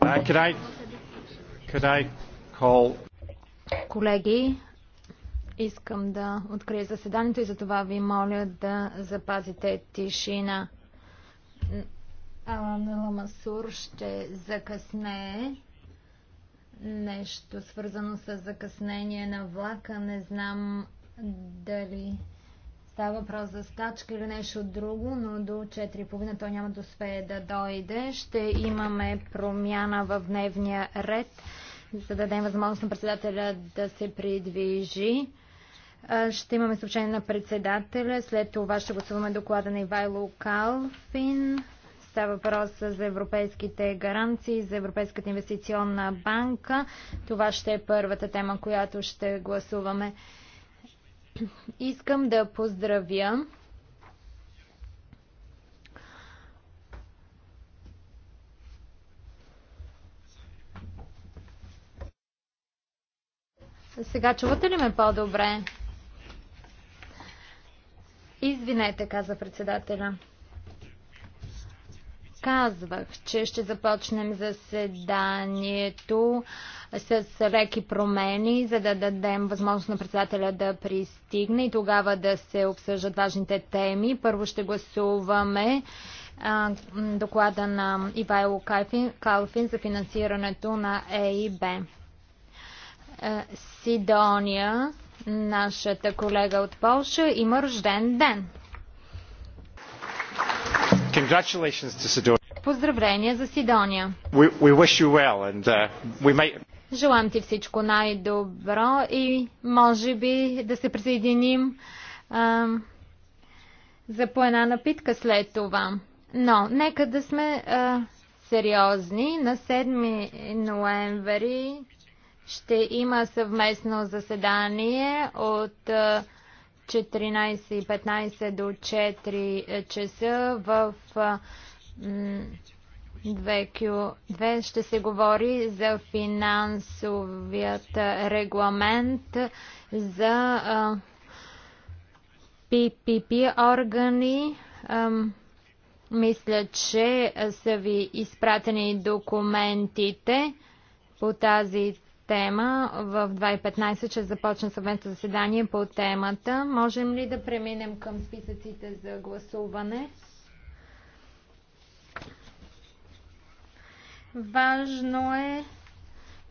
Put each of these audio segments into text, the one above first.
Uh, Колеги, искам да открия заседанието и за това ви моля да запазите тишина. Алан Ламасур ще закъсне Нещо свързано с закъснение на влака. Не знам дали Става въпрос за стачка или нещо друго, но до 4.30 той няма да успее да дойде. Ще имаме промяна в дневния ред, за да дадем възможност на председателя да се придвижи. Ще имаме съобщение на председателя. След това ще гласуваме доклада на Ивайло Калфин. Става въпрос за европейските гаранции, за Европейската инвестиционна банка. Това ще е първата тема, която ще гласуваме. Искам да поздравя Сега чувате ли ме по-добре? Извинете, каза председателя казвах, че ще започнем заседанието с реки промени, за да дадем възможност на председателя да пристигне и тогава да се обсъждат важните теми. Първо ще гласуваме доклада на Ивайло Калфин, за финансирането на ЕИБ. Сидония, нашата колега от Польша, има рожден ден. Поздравления за Сидония. We, we well and, uh, may... Желам ти всичко най-добро и може би да се присъединим за по една напитка след това. Но нека да сме сериозни. На 7 ноември ще има съвместно заседание от uh, 14.15 до 4 часа в 2Q2 ще се говори за финансовият регламент за PPP органи. Мисля, че са ви изпратени документите по тази тема. В 2.15 че започна съвместно заседание по темата. Можем ли да преминем към списъците за гласуване? Важно е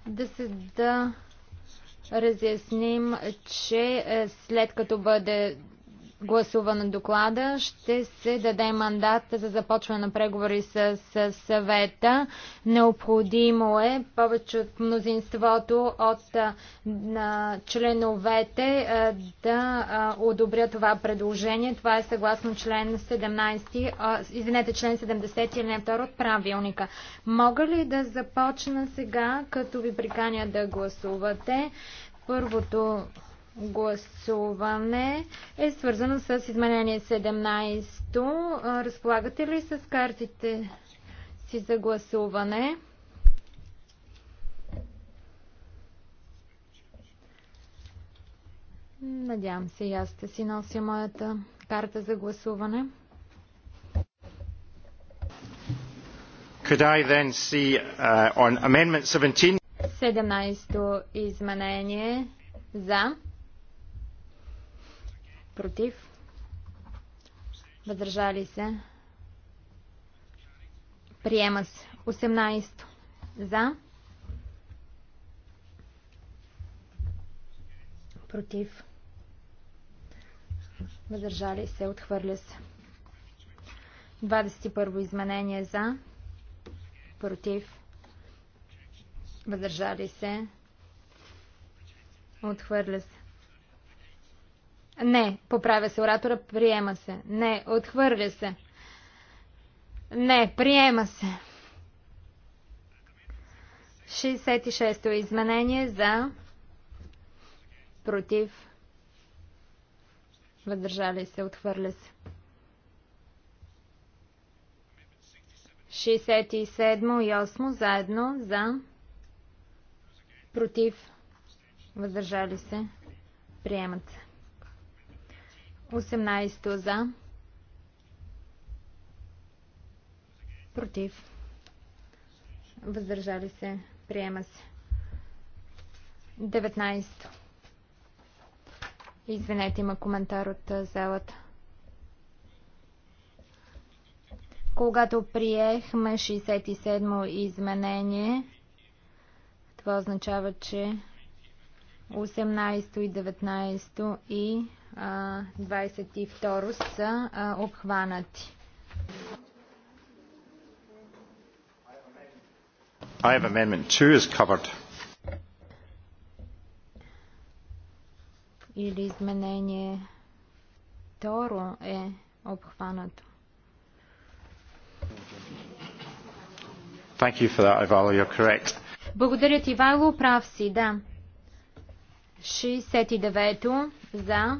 да се да разясним, че е, след като бъде гласува на доклада, ще се даде мандат за започване на преговори с, с съвета. Необходимо е повече от мнозинството от на членовете да одобря това предложение. Това е съгласно член 17, извинете, член 70 или не 2 от правилника. Мога ли да започна сега, като ви приканя да гласувате? Първото гласуване е свързано с изменение 17. Разполагате ли с картите си за гласуване? Надявам се и аз да си нося моята карта за гласуване. Could I then see uh, on amendment 17? 17 изменение за против, въздържали се, приема се. 18 за, против, въздържали се, отхвърля се. 21 изменение за, против, въздържали се, отхвърля се. Не, поправя се оратора, приема се. Не, отхвърля се. Не, приема се. 66-то изменение за против въздържали се, отхвърля се. 67 и 8 заедно за против въздържали се, приемат се. 18 за. Против. Въздържали се. Приема се. 19. Извинете, има коментар от залата. Когато приехме 67-о изменение, това означава, че 18 и 19 и 22 са обхванати. I have amendment 2 is covered. Или изменение второ е обхванато. Thank you for that, Ivalo. You're correct. Благодаря ти, Вайло. Прав си, да. 69-то за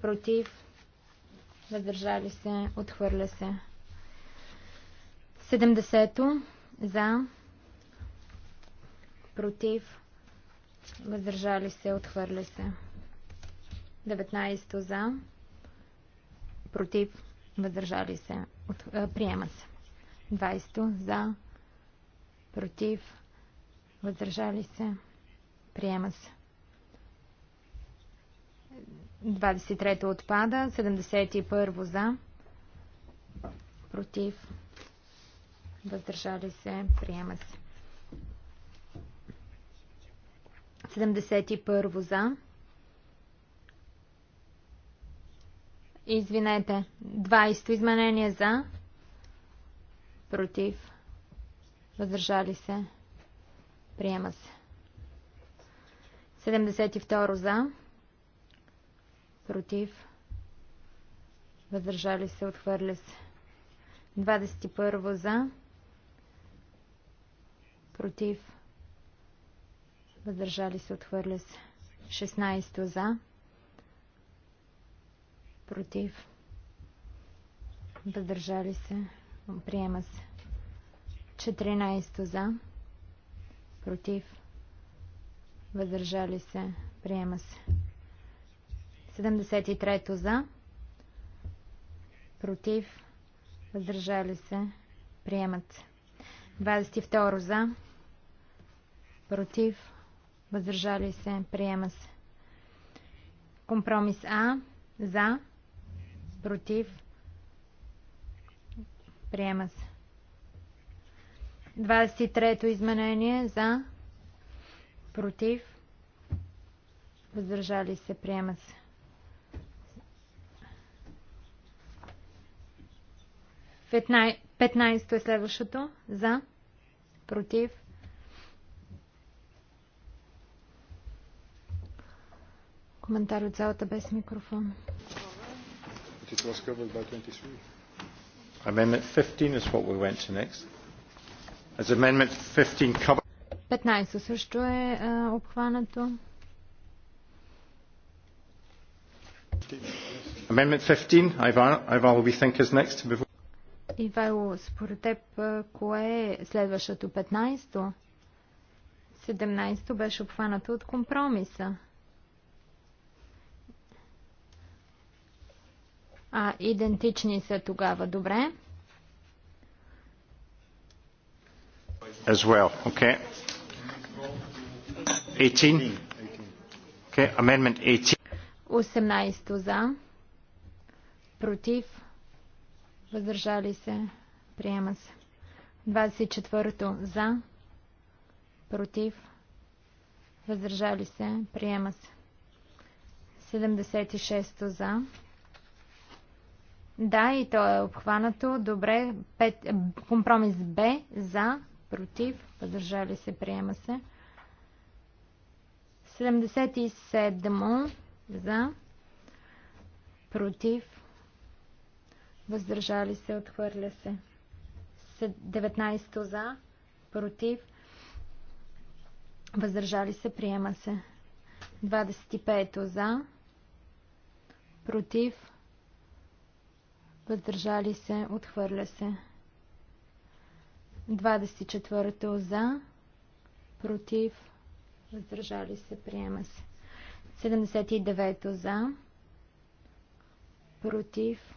против, въздържали се, отхвърля се. 70-то за, против, въздържали се, отхвърля се. 19-то за, против, въздържали се, от, а, приема се. 20-то за, против, въздържали се, приема се. 23 отпада. 71-во за. Против. Въздържали се. Приема се. 71 за. Извинете. 20 изменение за. Против. Въздържали се. Приема се. 72 за против, въздържали се, отхвърля се. 21 за, против, въздържали се, отхвърля се. 16 за, против, въздържали се, приема се. 14 за, против, въздържали се, приема се. 73 за. Против. Въздържали се. Приемат се. 22 за. Против. Въздържали се. Приема се. Компромис А. За. Против. Приема се. 23-то изменение. За. Против. Въздържали се. Приема се. 15 е следващото. За. Против. Коментар от залата без микрофон. Amendment 15 is what we went to next. As amendment 15 cover... 15 също е а, обхванато. Amendment 15, Ivar, Ivar will be thinkers next. Before... Ивайло, според теб, кое е следващото 15-то? 17-то беше обхванато от компромиса. А, идентични са тогава, добре. As well, okay. 18. Okay, amendment 18. 18 за. Против въздържали се, приема се. 24-то за, против, въздържали се, приема се. 76-то за. Да, и то е обхванато. Добре. Пет... Е, компромис Б за, против, въздържали се, приема се. 77 за, против, въздържали се, отхвърля се. 19 за, против, въздържали се, приема се. 25 за, против, въздържали се, отхвърля се. 24 за, против, въздържали се, приема се. 79 за, против,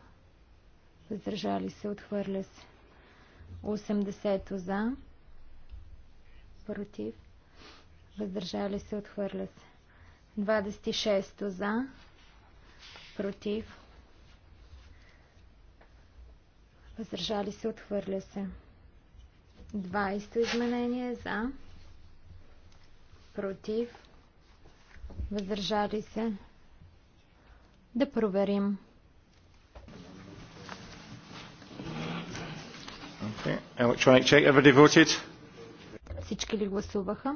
въздържали се, отхвърля се. 80 за, против, въздържали се, отхвърля се. 26 за, против, въздържали се, отхвърля се. 20 изменение за, против, въздържали се. Да проверим. Electronic check. Everybody voted? Всички ли гласуваха?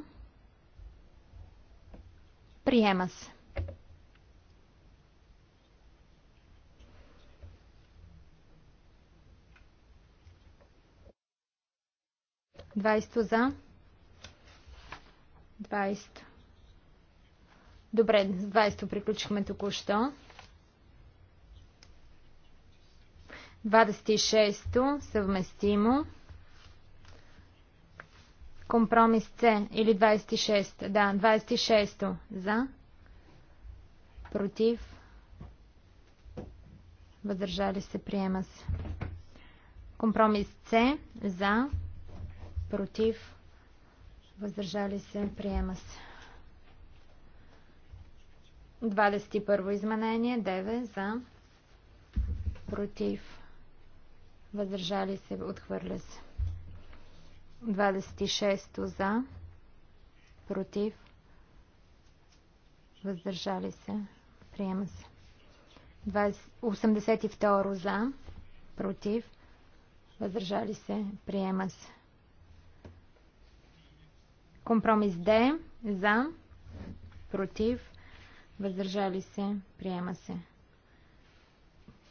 Приема се. Двайсто за. Двайсто. Добре, с 20 приключихме току-що. 26 съвместимо. Компромис С или 26. Да, 26 за. Против. Въздържали се, приема се. Компромис С за. Против. Въздържали се, приема се. 21 изменение, 9 за, против, въздържали се, отхвърля се. 26 за, против, въздържали се, приема се. 82 за, против, въздържали се, приема се. Компромис Д за, против, въздържали се, приема се.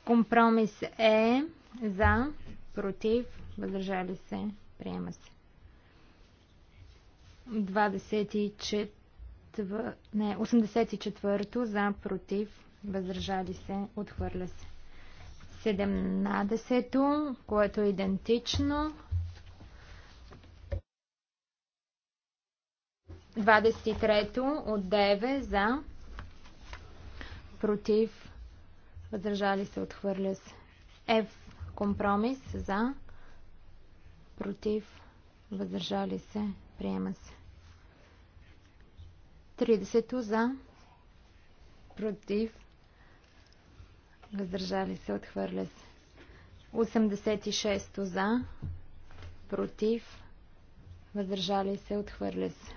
Компромис Е e, за. Против. Въздържали се. Приема се. 24. Не, 84. За. Против. Въздържали се. Отхвърля се. 17. то Което е идентично. 23 от 9 за против въздържали се отхвърля се F Компромис за, против, въздържали се, приема се. 30 за, против, въздържали се, отхвърля се. 86 за, против, въздържали се, отхвърля се.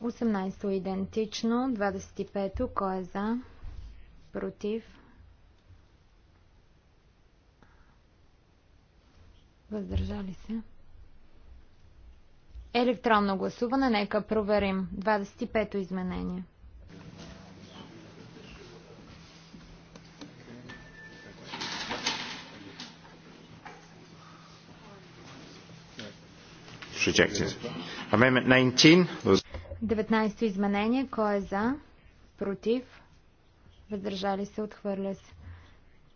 18 е идентично, 25 кой е за, против, Въздържали се. Електронно гласуване. Нека проверим. 25-то изменение. rejected. 19 то изменение. Кой е за? Против? Въздържали се? Отхвърля се.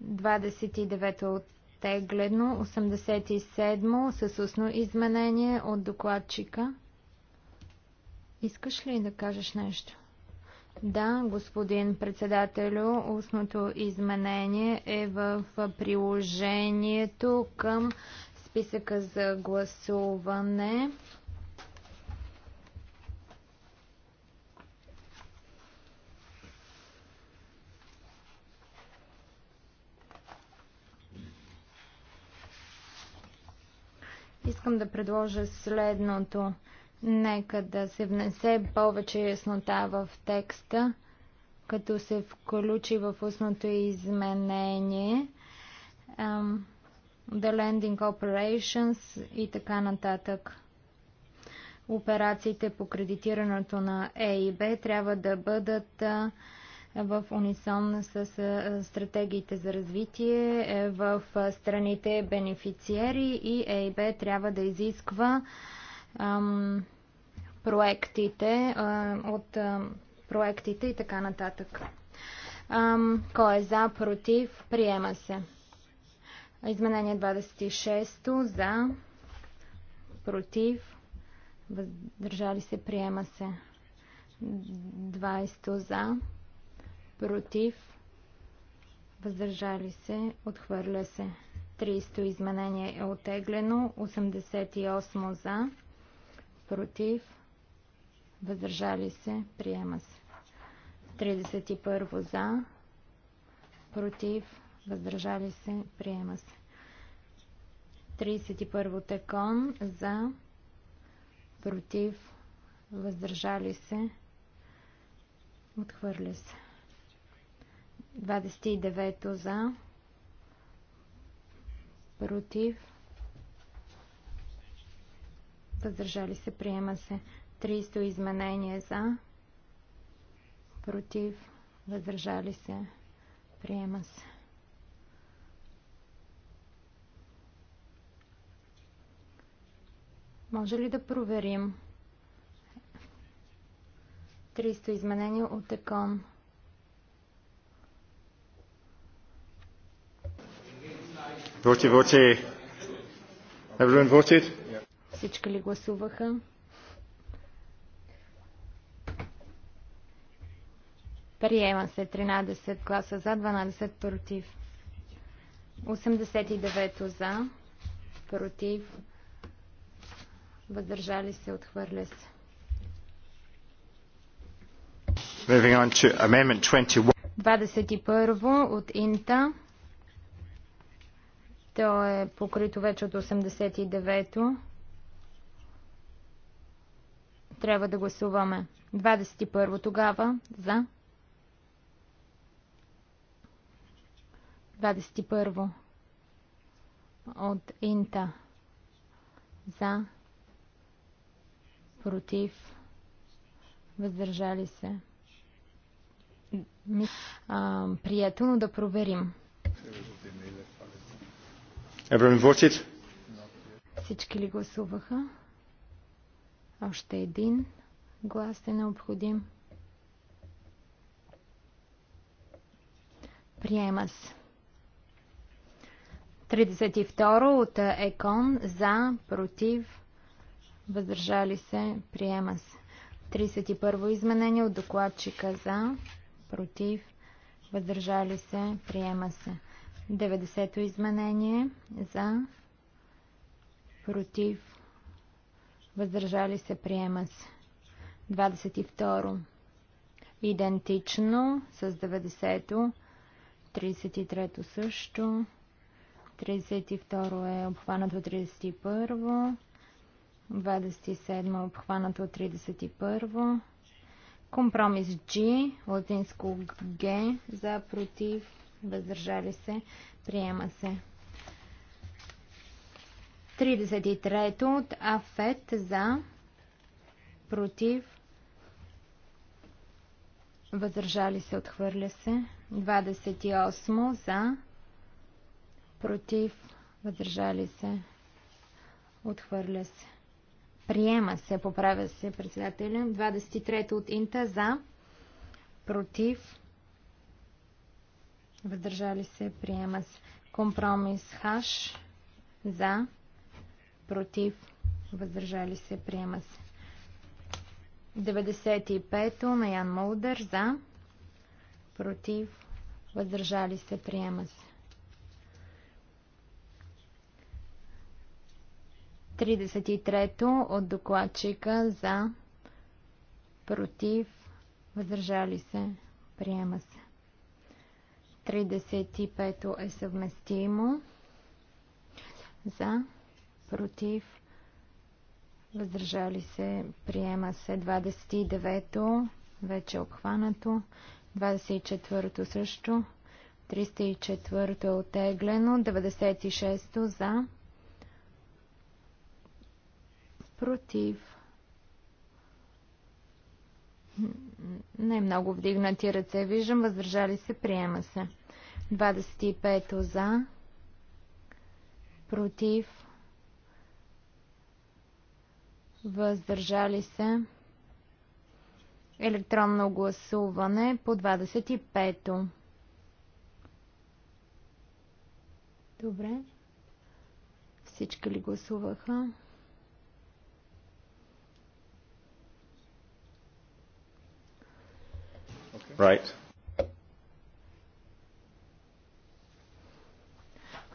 29 от оттеглено. 87 с устно изменение от докладчика. Искаш ли да кажеш нещо? Да, господин председателю, устното изменение е в приложението към списъка за гласуване. искам да предложа следното. Нека да се внесе повече яснота в текста, като се включи в устното изменение. The Landing Operations и така нататък. Операциите по кредитирането на A и Б трябва да бъдат в унисон с стратегиите за развитие е, в страните бенефициери и ЕИБ трябва да изисква проектите от проектите и така нататък. кой е за, против, приема се. Изменение 26 за, против, въздържали се, приема се. 20 за, против, въздържали се, отхвърля се. 300 изменение е отеглено, 88 за, против, въздържали се, приема се. 31 за, против, въздържали се, приема се. 31 текон за, против, въздържали се, отхвърля се. 29 за, против, въздържали се, приема се. 300 изменение за, против, въздържали се, приема се. Може ли да проверим 300 изменения от ЕКОН? Voted, voted. Everyone voted? Всички ли гласуваха? Приема се 13 гласа за, 12 против. 89 за, против, въздържали се, отхвърля се. Moving on to amendment 21. 21 от Инта. То е покрито вече от 89-то. Трябва да гласуваме. 21 тогава. За. 21 от Инта. За. Против. Въздържали се. А, приятелно да проверим. Everyone voted? Всички ли гласуваха? Още един глас е необходим. Приема се. 32 от ЕКОН за, против, въздържали се, приема се. 31 изменение от докладчика за, против, въздържали се, приема се. 90-то изменение за против въздържали се приема се 22 идентично с 90-то 33-то също 32 е обхванато 31 27 е обхванато 31 компромис G латинско G за против въздържали се, приема се. 33-то от Афет за, против, въздържали се, отхвърля се. 28 за, против, въздържали се, отхвърля се. Приема се, поправя се председателя. 23 от Инта за, против, въздържали се, приема се. Компромис хаш, за, против, въздържали се, приема се. 95-то на Ян Молдър, за, против, въздържали се, приема се. 33-то от докладчика за, против, въздържали се, приема се. 35 е съвместимо. За, против, въздържали се, приема се 29-то, вече е обхванато, 24-то също, 304-то е отеглено, 96-то за, против, не много вдигнати ръце виждам. Въздържали се. Приема се. 25 за. Против. Въздържали се. Електронно гласуване по 25-то. Добре. Всички ли гласуваха? Right.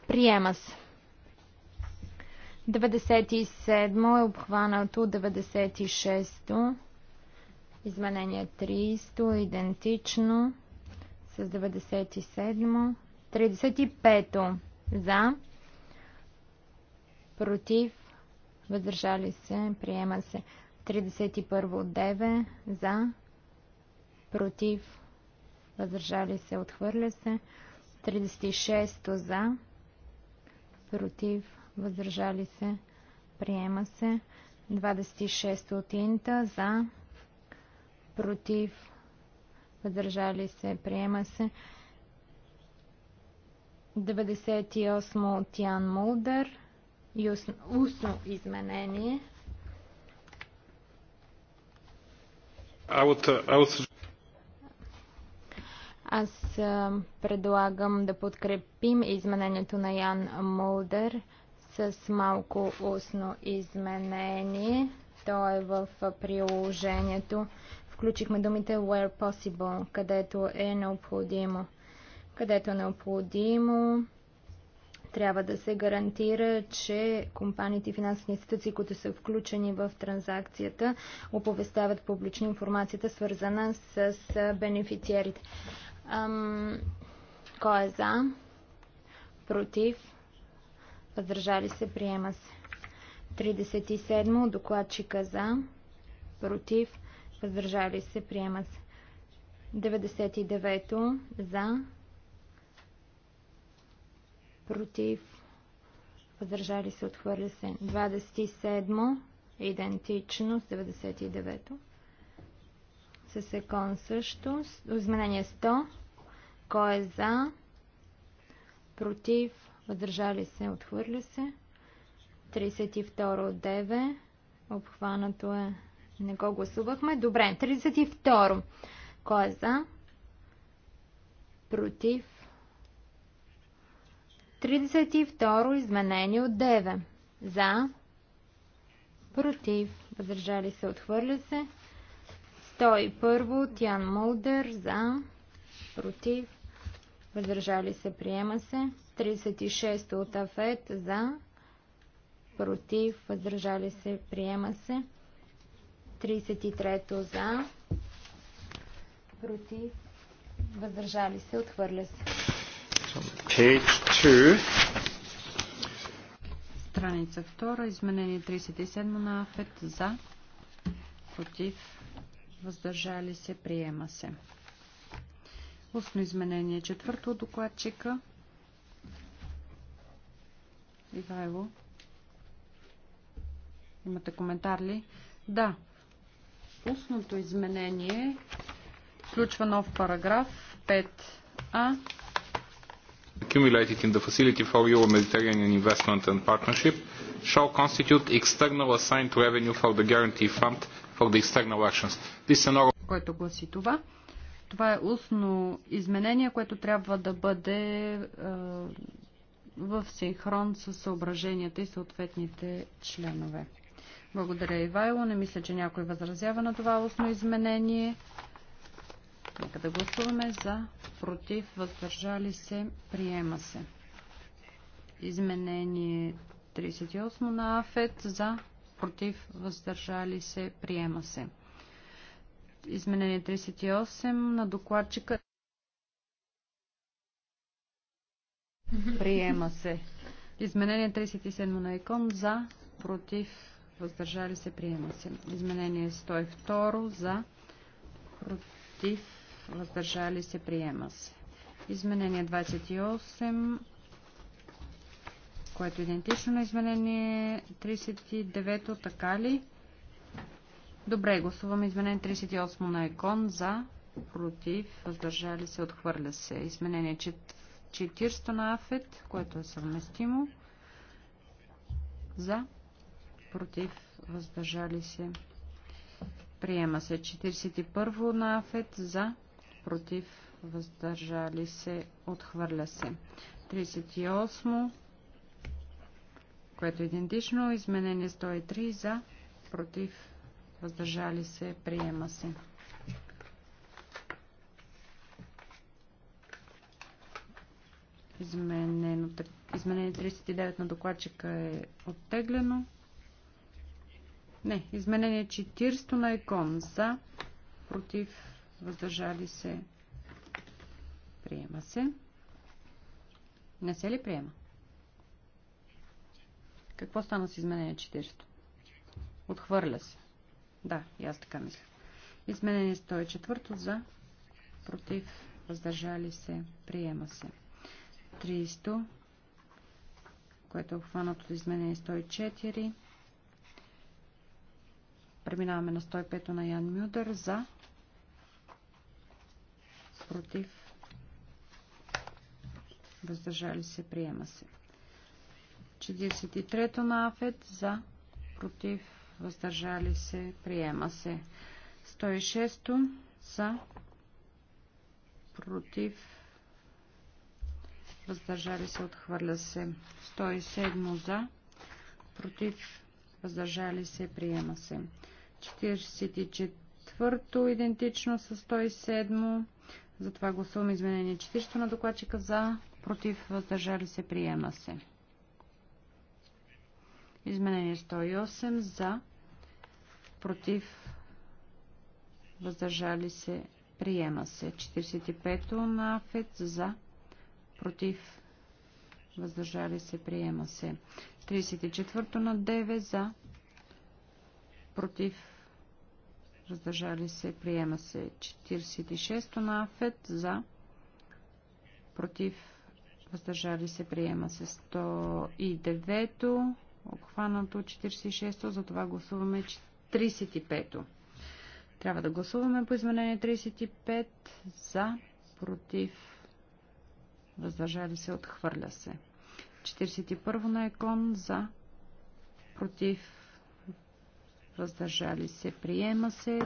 Приема се. 97 е обхванато 96-то. Изменение 300 идентично с 97. 35 за. Против. Въздържали се. Приема се. 31 от 9 за против, въздържали се, отхвърля се. 36 за, против, въздържали се, приема се. 26 от Инта за, против, въздържали се, приема се. 98 от Ян Мулдър и устно, изменение. I would, uh, I would... Аз предлагам да подкрепим изменението на Ян Мулдер с малко устно изменение. То е в приложението. Включихме думите where possible, където е необходимо. Където е необходимо, трябва да се гарантира, че компаниите и финансови институции, които са включени в транзакцията, оповестяват публично информацията, свързана с бенефициерите. Ам, кой е за? Против? Въздържали се? Приема се. 37. Докладчика е за? Против? Въздържали се? Приема се. 99. За? Против? Въздържали се? Отхвърля се. 27. Идентично с 99. С екон също. Изменение 100. Кой е за? Против? Въздържали се? Отхвърля се. 32 от 9. Обхванато е. Не го гласувахме. Добре. 32. Кой е за? Против? 32 изменение от 9. За? Против? Въздържали се? Отхвърля се. Той първо Тян Мулдър за, против, въздържали се, приема се. 36 от Афет за, против, въздържали се, приема се. 33 за, против, въздържали се, отхвърля се. Page 2. Страница 2, изменение 37 на Афет за, против, въздържали се, приема се. Устно изменение четвърто докладчика. Ивайло. Имате коментар ли? Да. Устното изменение включва нов параграф 5а. Accumulated in the facility for your mediterranean Investment and Partnership shall constitute external assigned revenue for the guarantee fund for the external actions. This is an... Който гласи това. Това е устно изменение, което трябва да бъде е, в синхрон с съображенията и съответните членове. Благодаря, Ивайло. Не мисля, че някой възразява на това устно изменение. Нека да гласуваме за, против, въздържали се, приема се. Изменение 38 на АФЕТ за, против, въздържали се, приема се. Изменение 38 на докладчика. Приема се. Изменение 37 на икон за, против, въздържали се, приема се. Изменение 102 за, против, въздържали се, приема се. Изменение 28 което е идентично на изменение 39-то, така ли? Добре, гласуваме изменение 38 на Екон за, против, въздържали се, отхвърля се. Изменение 40 на Афет, което е съвместимо. За, против, въздържали се. Приема се 41 на Афет за, против, въздържали се, отхвърля се. 38 което е идентично. Изменение 103 за, против, въздържали се, приема се. Изменено, изменение 39 на докладчика е оттеглено. Не, изменение 40 на икон за, против, въздържали се, приема се. Не се ли приема? Какво стана с изменение 40? Отхвърля се. Да, и аз така мисля. Изменение 104 за, против, въздържали се, приема се. 300, което е обхванато от изменение 104. Преминаваме на 105 на Ян Мюдър за, против, въздържали се, приема се. 301 43-то на Афет за, против, въздържали се, приема се. 106-то за, против, въздържали се, отхвърля се. 107 за, против, въздържали се, приема се. 44-то идентично с 107 затова гласувам изменение 40 на докладчика за, против, въздържали се, приема се. Изменение 108 за, против, въздържали се, приема се. 45 на Афет за, против, въздържали се, приема се. 34 на 9 за, против, въздържали се, приема се. 46 на Афет за, против, въздържали се, приема се. 109 обхванато 46-то, затова гласуваме 35-то. Трябва да гласуваме по изменение 35 за, против, въздържали се, отхвърля се. 41 на Екон за, против, въздържали се, приема се.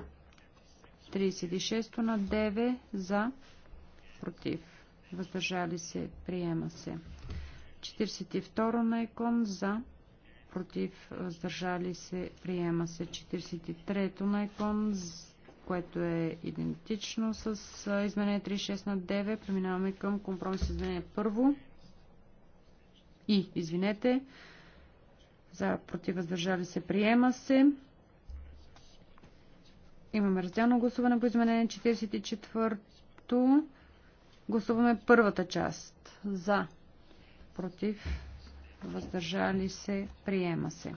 36 на 9 за, против, въздържали се, приема се. 42 на Екон за, против, въздържали се, приема се 43-то на икон, което е идентично с изменение 36 на 9. Преминаваме към компромис изменение първо. И, извинете, за против, въздържали се, приема се. Имаме разделно гласуване по изменение 44-то. Гласуваме първата част. За, против, въздържали се, приема се.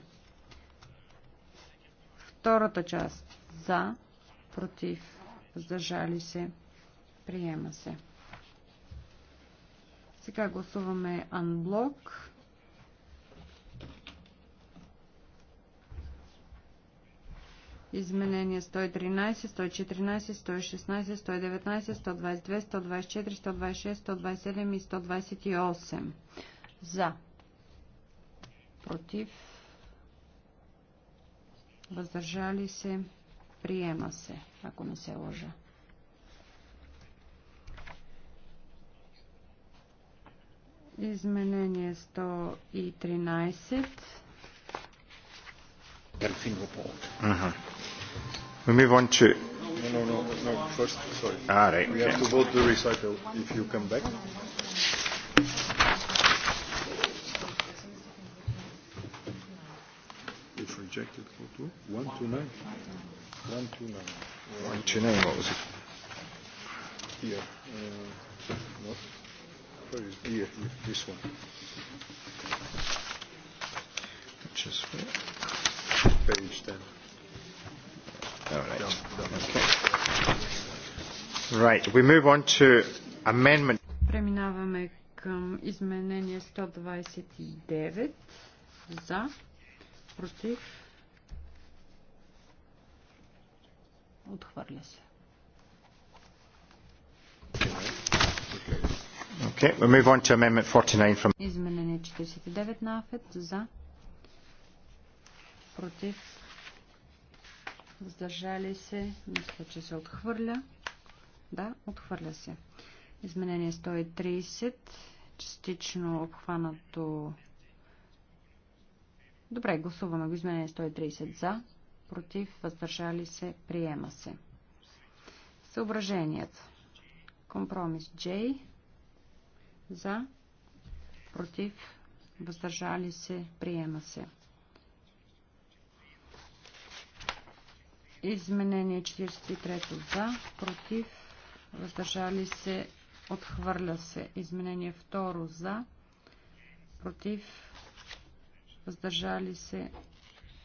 Втората част за, против, въздържали се, приема се. Сега гласуваме анблок. Изменения 113, 114, 116, 119, 122, 124, 126, 127 и 128. За против, въздържали се, приема се, ако не се лъжа. Изменение 113. Delfin report. Mm-hmm. We move on to No, no, no, no. First, sorry. Ah, right. We okay. have to vote the recital if you come back. rejected for two. One to nine. One to nine. One to nine. What was it? Here. Uh, no. Where is here, here? This one. Just page ten. All right. Okay. Right. We move on to amendment. Преминаваме към изменение 129 за против Отхвърля се. Okay, move on to amendment 49 from... Изменение 49 на АФЕД за против въздържали се мисля, че се отхвърля да, отхвърля се изменение 130 частично обхванато добре, гласуваме го изменение 130 за против, въздържали се, приема се. Съображенията. Компромис J. За, против, въздържали се, приема се. Изменение 43 за, против, въздържали се, отхвърля се. Изменение 2 за, против, въздържали се,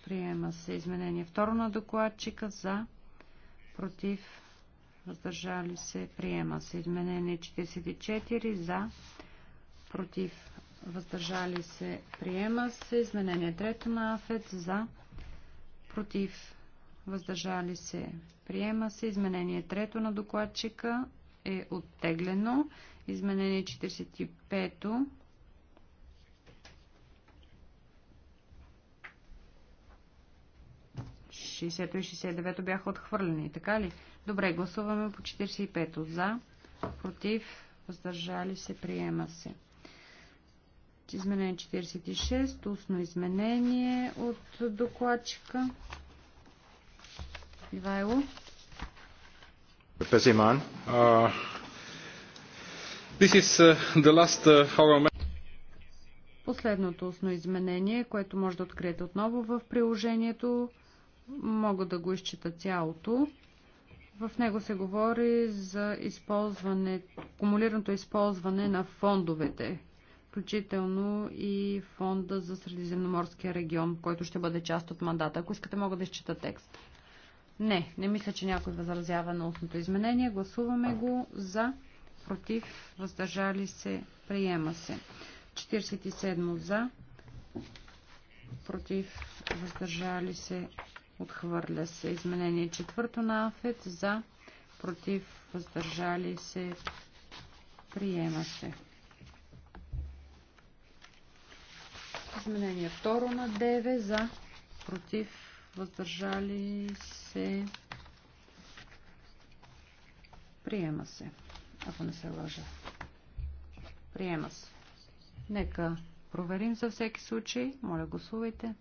Приема се изменение второ на докладчика за, против, въздържали се. Приема се изменение 44 за, против, въздържали се. Приема се изменение трето на АФЕЦ за, против, въздържали се. Приема се изменение трето на докладчика е оттеглено. Изменение 45 60 и 69 бяха отхвърлени, така ли? Добре, гласуваме по 45 за, против, въздържали се, приема се. Изменение 46, устно изменение от докладчика. Ивайло. Пезиман. this is uh, the last uh, Последното устно изменение, което може да откриете отново в приложението мога да го изчита цялото. В него се говори за използване, кумулираното използване на фондовете, включително и фонда за Средиземноморския регион, който ще бъде част от мандата. Ако искате, мога да изчита текст. Не, не мисля, че някой възразява на устното изменение. Гласуваме го за, против, въздържали се, приема се. 47 за, против, въздържали се, Отхвърля се изменение четвърто на Афет за, против, въздържали се, приема се. Изменение второ на 9 за, против, въздържали се, приема се, ако не се лъжа. Приема се. Нека проверим за всеки случай. Моля, гласувайте.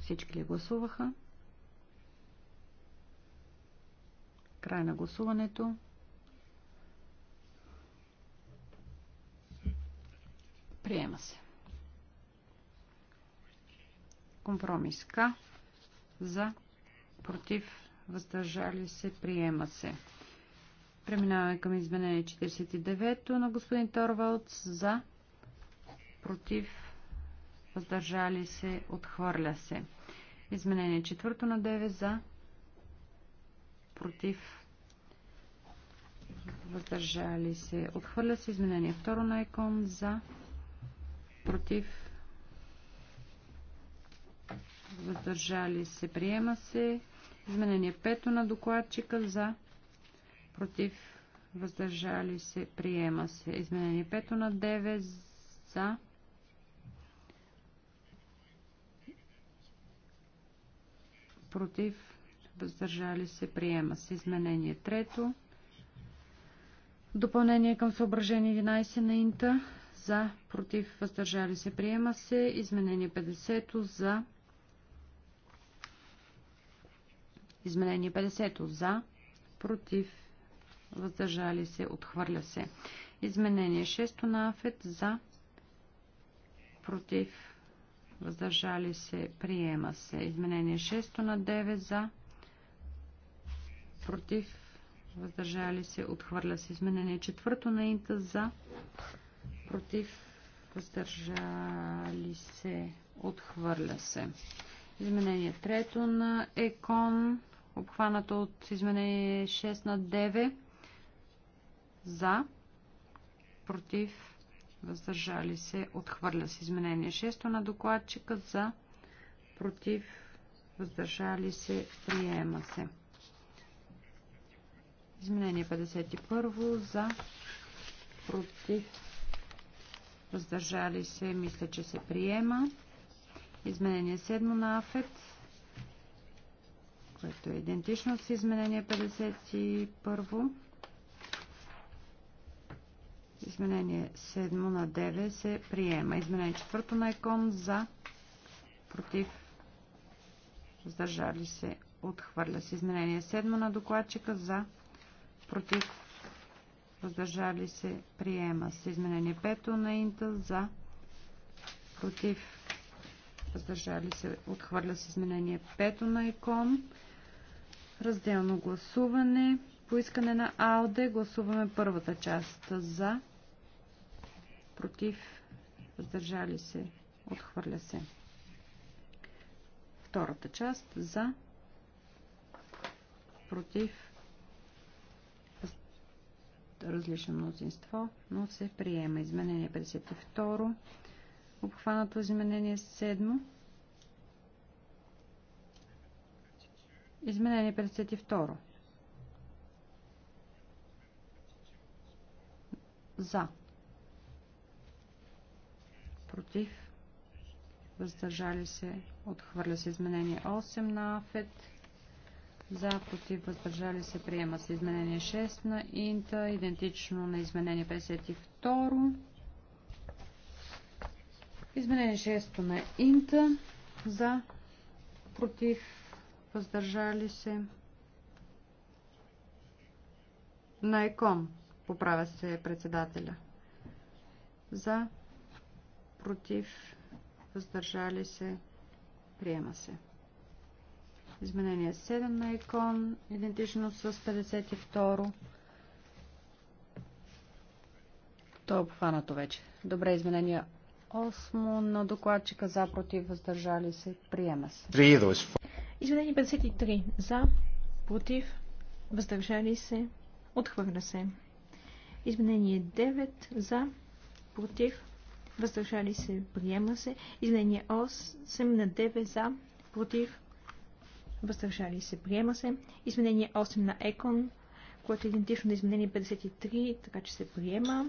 Всички ли гласуваха? Край на гласуването. Приема се. Компромис К. За. Против. Въздържали се. Приема се. Преминаваме към изменение 49 то на господин Торвалдс. За. Против въздържали се, отхвърля се. Изменение четвърто на 9 за, против, въздържали се, отхвърля се. Изменение второ на икон за, против, въздържали се, приема се. Изменение пето на докладчика за, против, въздържали се, приема се. Изменение пето на 9 за, против, против, въздържали се, приема се. Изменение трето. Допълнение към съображение 11 на Инта. За, против, въздържали се, приема се. Изменение 50 за. Изменение 50 за, против, въздържали се, отхвърля се. Изменение 6 на Афет за, против, въздържали се, приема се. Изменение 6 на 9 за, против, въздържали се, отхвърля се. Изменение 4 на инта за, против, въздържали се, отхвърля се. Изменение 3 на ЕКОН, обхванато от изменение 6 на 9 за, против, въздържали се, отхвърля се. Изменение 6 на докладчика за, против, въздържали се, приема се. Изменение 51 за, против, въздържали се, мисля, че се приема. Изменение 7 на АФЕТ, което е идентично с изменение 51. Изменение 7 на 9 се приема. Изменение 4 на икон за, против, въздържали се, отхвърля се. Изменение 7 на докладчика за, против, въздържали се, приема се. Изменение 5 на инта за, против, въздържали се, отхвърля се. Изменение 5 на икон. Разделно гласуване. Поискане на АОД гласуваме първата част за против, въздържали се, отхвърля се. Втората част за, против, различно мнозинство, но се приема. Изменение 52. Обхванато изменение 7. Изменение 52. За против, въздържали се, отхвърля се изменение 8 на АФЕТ, за, против, въздържали се, приема се изменение 6 на Инта, идентично на изменение 52. Изменение 6 на Инта, за, против, въздържали се, на Екон, поправя се председателя. За, против, въздържали се, приема се. Изменение 7 на икон, идентично с 52. То е обхванато вече. Добре, изменение 8 на докладчика за против, въздържали се, приема се. Изменение 53 за, против, въздържали се, отхвърля се. Изменение 9 за, против, въздържали се, приема се. Изменение 8 на 9 за, против, въздържали се, приема се. Изменение 8 на Екон, което е идентично на изменение 53, така че се приема.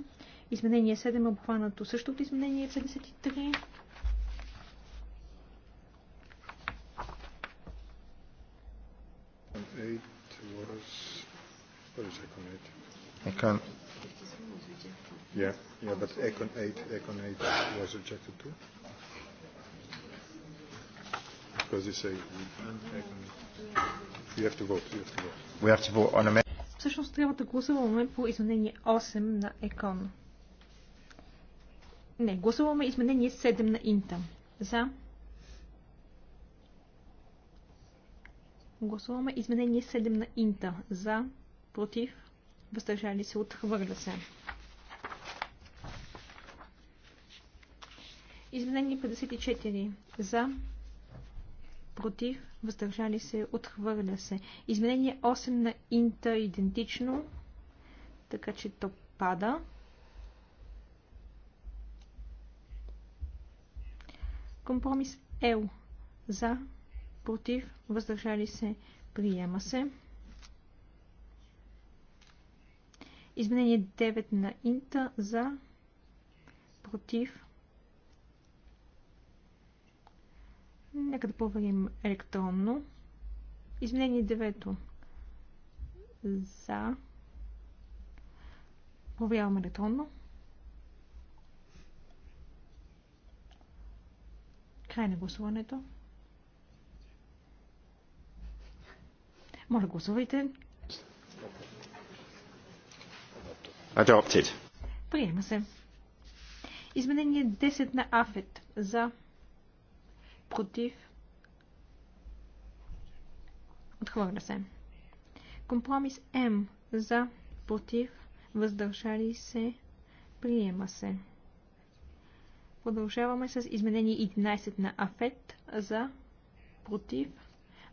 Изменение 7 е обхванато също от изменение 53. Was... What is Econ 8? Econ. Yeah. Yeah, but Econ 8, Econ 8 was rejected too. Because they say Econ. You have to vote. You have to vote. We have to vote on a... Всъщност трябва да гласуваме по изменение 8 на Екон. Не, гласуваме изменение 7 на Инта. За. Гласуваме изменение 7 на Инта. За. Против. Въздържали се. Отхвърля се. Изменение 54. За. Против. Въздържали се. Отхвърля се. Изменение 8 на Инта е идентично. Така че то пада. Компромис Л. За. Против. Въздържали се. Приема се. Изменение 9 на Инта. За. Против Нека да проверим електронно. Изменение 9. За. Проверявам електронно. Край на гласуването. Моля, гласувайте. Adopted. Приема се. Изменение 10 на АФЕТ за Против. Отхвърля се. Компромис М. За. Против. Въздържали се. Приема се. Продължаваме с изменение 11 на Афет. За. Против.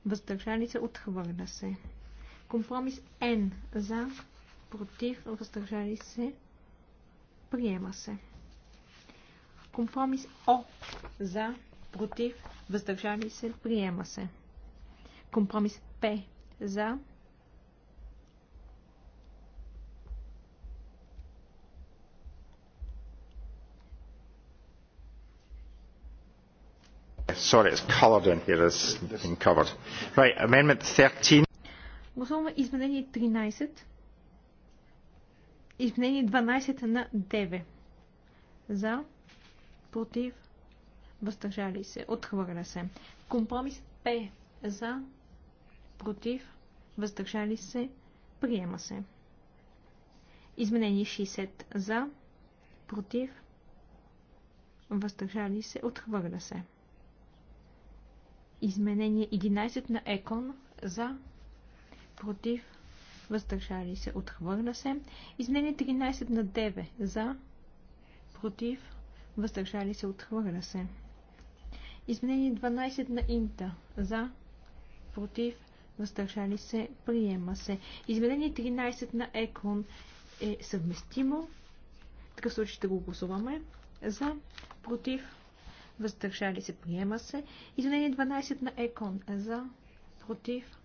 Въздържали се. Отхвърля се. Компромис Н. За. Против. Въздържали се. Приема се. Компромис О. За. Против въздържали се, приема се. Компромис П за, Sorry, it's colored in here. It's been covered. Right, Amendment 13. Гласуваме изменение 13. Изменение 12 на 9. За, против, въздържали се, отхвърля се. Компромис П за, против, въздържали се, приема се. Изменение 60 за, против, въздържали се, отхвърля се. Изменение 11 на Екон за, против, въздържали се, отхвърля се. Изменение 13 на 9 за, против, въздържали се, отхвърля се. Изменение 12 на Инта. За. Против. Въздържали се. Приема се. Изменение 13 на Екон е съвместимо. Така случай ще го гласуваме. За. Против. Въздържали се. Приема се. Изменение 12 на Екон. За. Против.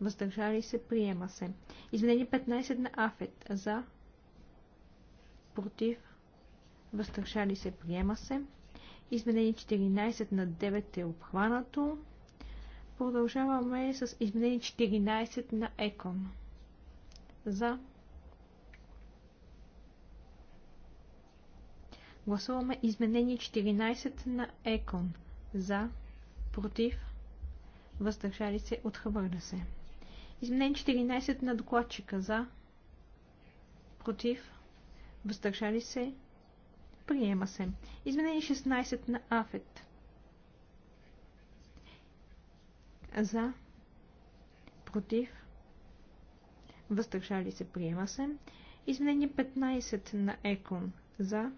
Въздържали се. Приема се. Изменение 15 на Афет. За. Против. Въздържали се. Приема се. Изменение 14 на 9 е обхванато. Продължаваме с изменение 14 на Екон. За. Гласуваме изменение 14 на Екон. За. Против. Въздържали се. Отхвърля се. Изменение 14 на докладчика. За. Против. Въздържали се. Приема се. Изменение 16 на Афет. За. Против. Въздържали се. Приема се. Изменение 15 на Екон. За.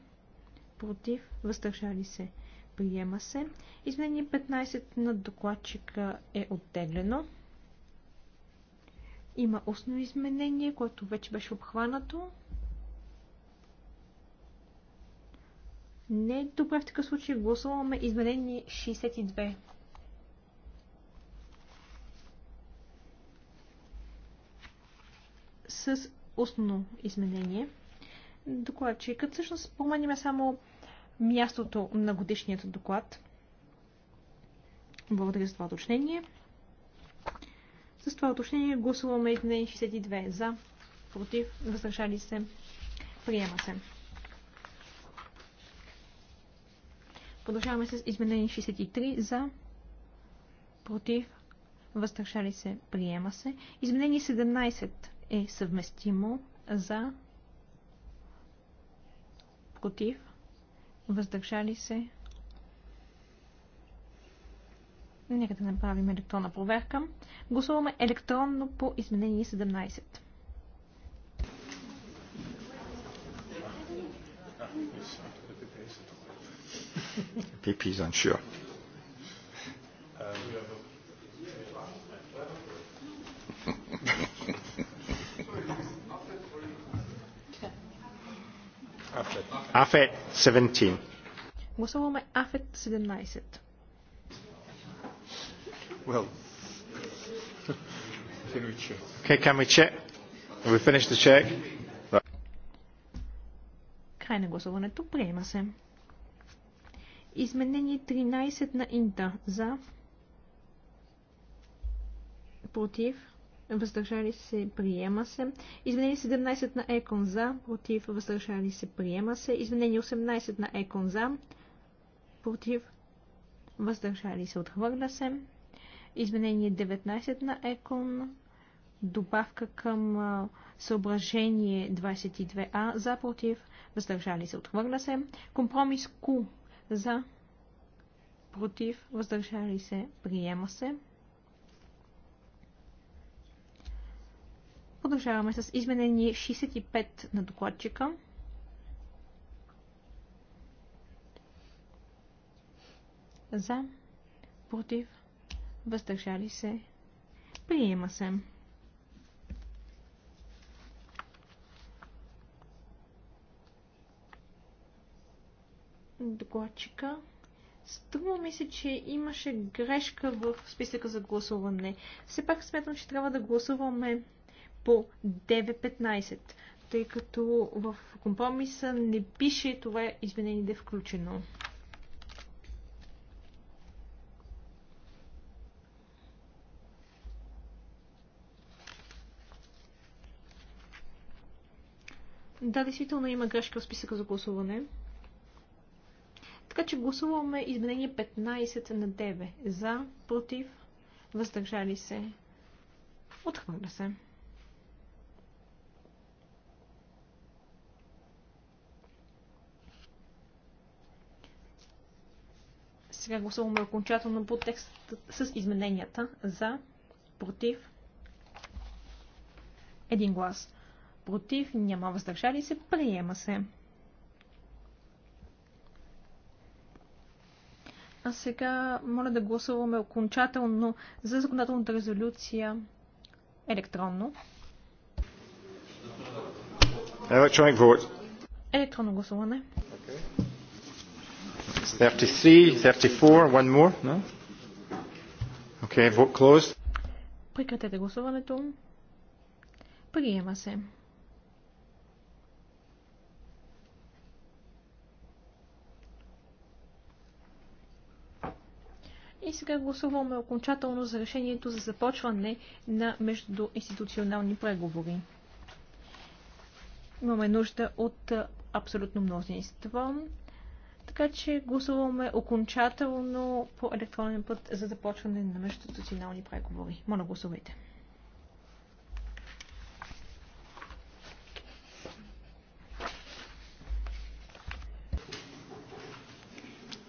Против. Въздържали се. Приема се. Изменение 15 на докладчика е оттеглено. Има устно изменение, което вече беше обхванато. Не, добре, в такъв случай гласуваме изменение 62. С устно изменение. Докладчикът всъщност променяме само мястото на годишният доклад. Благодаря за това уточнение. С това уточнение гласуваме изменение 62 за, против, въздържали се, приема се. Продължаваме с изменение 63 за, против, въздържали се, приема се. Изменение 17 е съвместимо за, против, въздържали се. Нека да направим електронна проверка. Гласуваме електронно по изменение 17. Thank you. PPs, I'm sure. Афет 17. Гласуваме Афет 17. Well, can we check? Okay, can we check? Have we finished the check? Край на гласуването. Приема се. Изменение 13 на Инта. За. Против. Въздържали се. Приема се. Изменение 17 на Екон. За. Против. Въздържали се. Приема се. Изменение 18 на Екон. За. Против. Въздържали се. Отхвърля се. Изменение 19 на Екон добавка към съображение 22А за против, въздържали се, отхвърля се. Компромис Q за, против, въздържали се, приема се. Продължаваме с изменение 65 на докладчика. За, против, въздържали се, приема се. докладчика. Струва ми се, че имаше грешка в списъка за гласуване. Все пак смятам, че трябва да гласуваме по 9.15, тъй като в компромиса не пише това изменение да е включено. Да, действително има грешка в списъка за гласуване. Така че гласуваме изменение 15 на 9. За, против, въздържали се, отхвърля се. Сега гласуваме окончателно по текст с измененията. За, против, един глас. Против, няма въздържали се, приема се. А сега моля да гласуваме окончателно за законодателната резолюция електронно. Electronic vote. Електронно гласуване. Okay. 33, 34, one more, no? Okay, vote closed. Прекратете гласуването. Приема се. И сега гласуваме окончателно за решението за започване на междуинституционални преговори. Имаме нужда от абсолютно мнозинство. Така че гласуваме окончателно по електронен път за започване на междуинституционални преговори. Моля, гласувайте.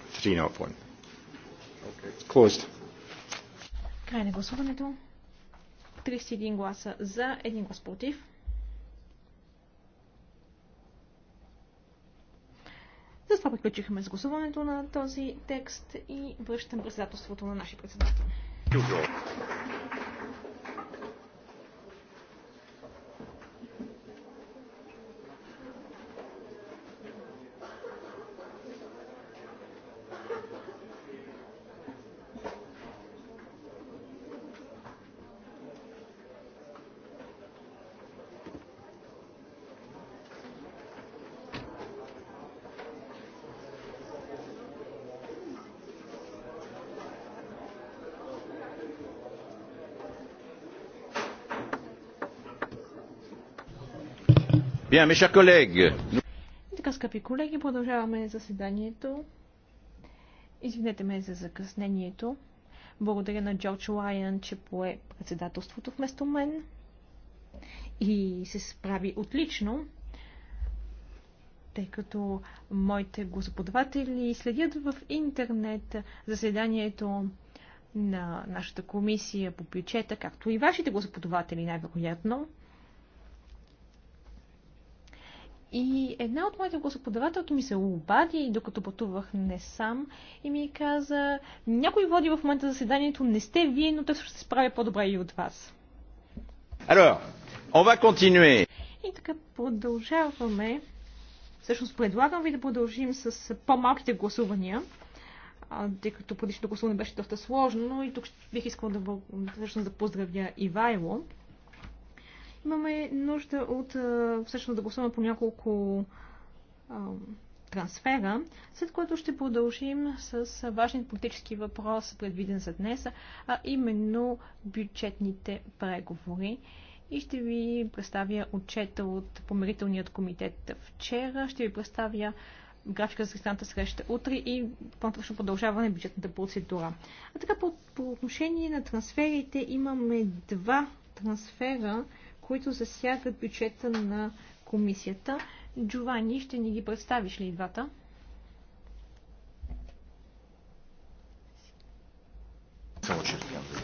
Three, Closed. Край на гласуването. 31 гласа за, 1 глас против. За това приключихме с гласуването на този текст и връщам председателството на нашия председател. Bien, mes chers collègues. Така, скъпи колеги, продължаваме заседанието. Извинете ме за закъснението. Благодаря на Джордж Лайън, че пое председателството вместо мен и се справи отлично, тъй като моите гласоподаватели следят в интернет заседанието на нашата комисия по бюджета, както и вашите гласоподаватели най-вероятно. И една от моите гласоподавателки ми се обади, докато пътувах не сам, и ми каза, някой води в момента заседанието, не сте вие, но те ще се справя по-добре и от вас. Alors, on va continuer. И така продължаваме. Всъщност предлагам ви да продължим с по-малките гласувания, тъй като предишното гласуване беше доста сложно и тук бих искал да, всъщност, да поздравя Ивайло. Имаме нужда от всъщност да гласуваме по няколко трансфера, след което ще продължим с важният политически въпрос, предвиден за днес, а именно бюджетните преговори. И ще ви представя отчета от помирителният комитет вчера, ще ви представя графика за тристранната среща утре и по-нататъчно продължаване на бюджетната процедура. А така по, по отношение на трансферите имаме два трансфера, които засягат бюджета на комисията. Джовани, ще ни ги представиш ли двата? Само чертям за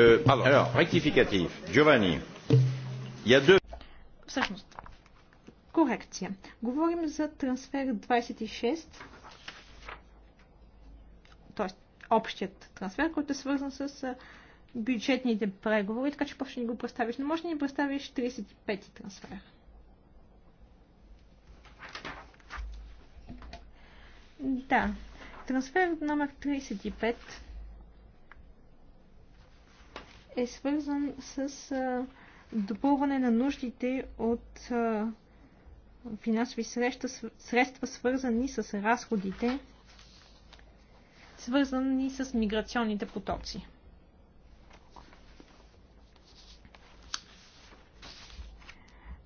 Euh, alors, rectificatif. Giovanni, il y a deux... Всъщност, корекция. Говорим за трансфер 26, т.е. общият трансфер, който е свързан с бюджетните преговори, така че повече ни го представиш. Не можеш да ни представиш 35-ти трансфер. Да. Трансфер номер 35 е свързан с а, допълване на нуждите от а, финансови средства, средства, свързани с разходите, свързани с миграционните потоци.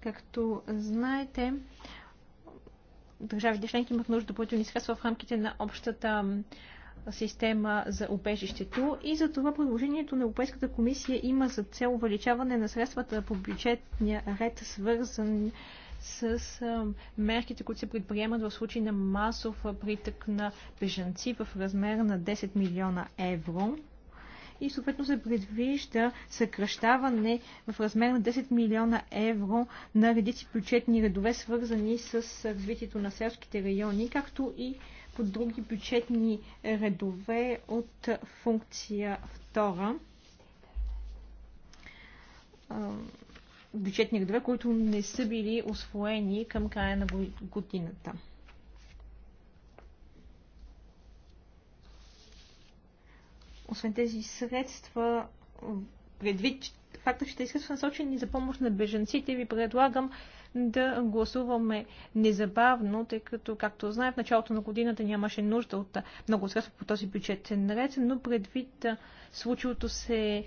Както знаете, държавите членки имат нужда от допълнителни средства в рамките на общата система за убежището и за това предложението на Европейската комисия има за цел увеличаване на средствата по бюджетния ред, свързан с мерките, които се предприемат в случай на масов притък на бежанци в размер на 10 милиона евро и съответно се предвижда съкръщаване в размер на 10 милиона евро на редици бюджетни редове, свързани с развитието на селските райони, както и по други бюджетни редове от функция 2 бюджетни редове, които не са били освоени към края на годината. Освен тези средства, предвид факта, че искат са насочени за помощ на беженците, ви предлагам да гласуваме незабавно, тъй като, както знае, в началото на годината нямаше нужда от много средства по този бюджетен ред, но предвид случилото се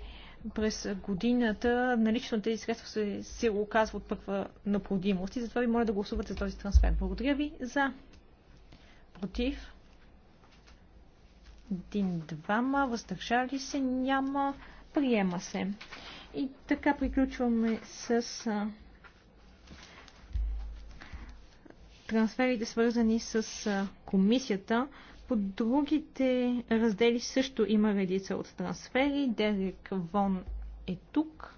през годината, налично тези средства се, се от първа необходимост и затова ви моля да гласувате за този трансфер. Благодаря ви за против един, двама, въздържали се няма, приема се. И така приключваме с трансферите, свързани с комисията. По другите раздели също има редица от трансфери. Дерек Вон е тук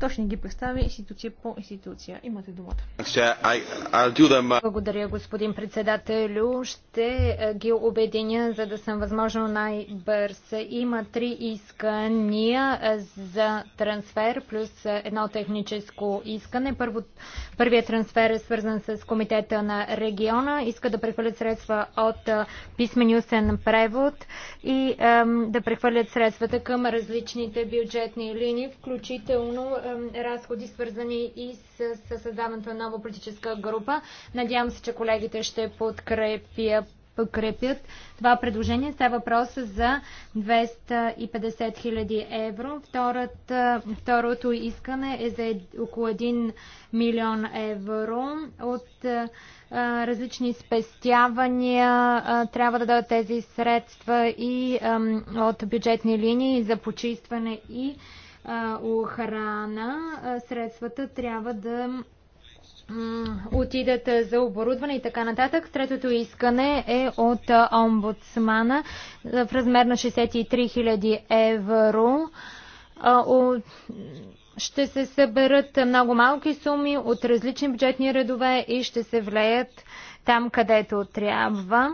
то ще ни ги представи институция по институция. Имате думата. Uh, Благодаря, господин председателю. Ще е, ги обединя, за да съм възможно най-бърз. Има три искания е, за трансфер плюс едно техническо искане. Първо, първият трансфер е свързан с комитета на региона. Иска да прехвърлят средства от е, писмен устен превод и ем, да прехвърлят средствата към различните бюджетни линии, включително разходи, свързани и с, с създаването на нова политическа група. Надявам се, че колегите ще подкрепят подкрепят това предложение. Става въпрос за 250 000 евро. Втората, второто искане е за около 1 милион евро. От а, различни спестявания а, трябва да дадат тези средства и а, от бюджетни линии за почистване и а, охрана, средствата трябва да отидат за оборудване и така нататък. Третото искане е от омбудсмана в размер на 63 000 евро. Ще се съберат много малки суми от различни бюджетни редове и ще се влеят там, където трябва.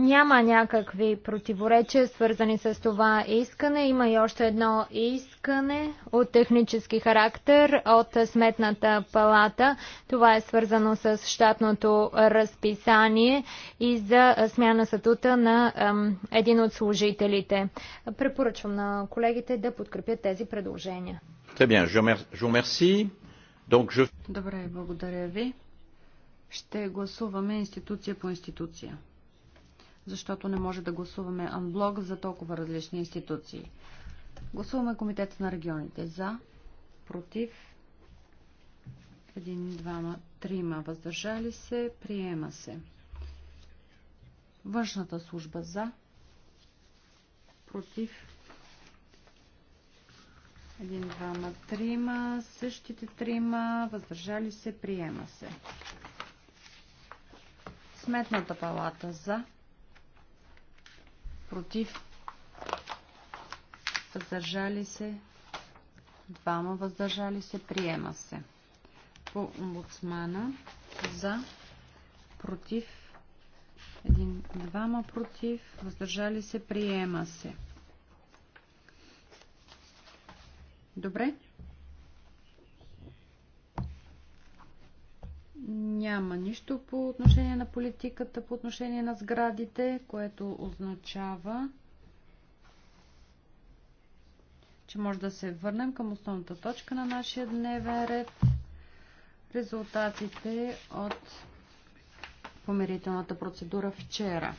Няма някакви противоречия, свързани с това искане. Има и още едно искане от технически характер от Сметната палата. Това е свързано с щатното разписание и за смяна статута на един от служителите. Препоръчвам на колегите да подкрепят тези предложения. Добре, благодаря ви. Ще гласуваме институция по институция защото не може да гласуваме анблок за толкова различни институции. Гласуваме комитета на регионите. За, против, един, двама, трима въздържали се, приема се. Външната служба за, против, един, двама, трима, същите трима, въздържали се, приема се. Сметната палата за, против, въздържали се, двама въздържали се, приема се. По омбудсмана за, против, един, двама против, въздържали се, приема се. Добре? Няма нищо по отношение на политиката, по отношение на сградите, което означава, че може да се върнем към основната точка на нашия дневен ред. Резултатите от помирителната процедура вчера.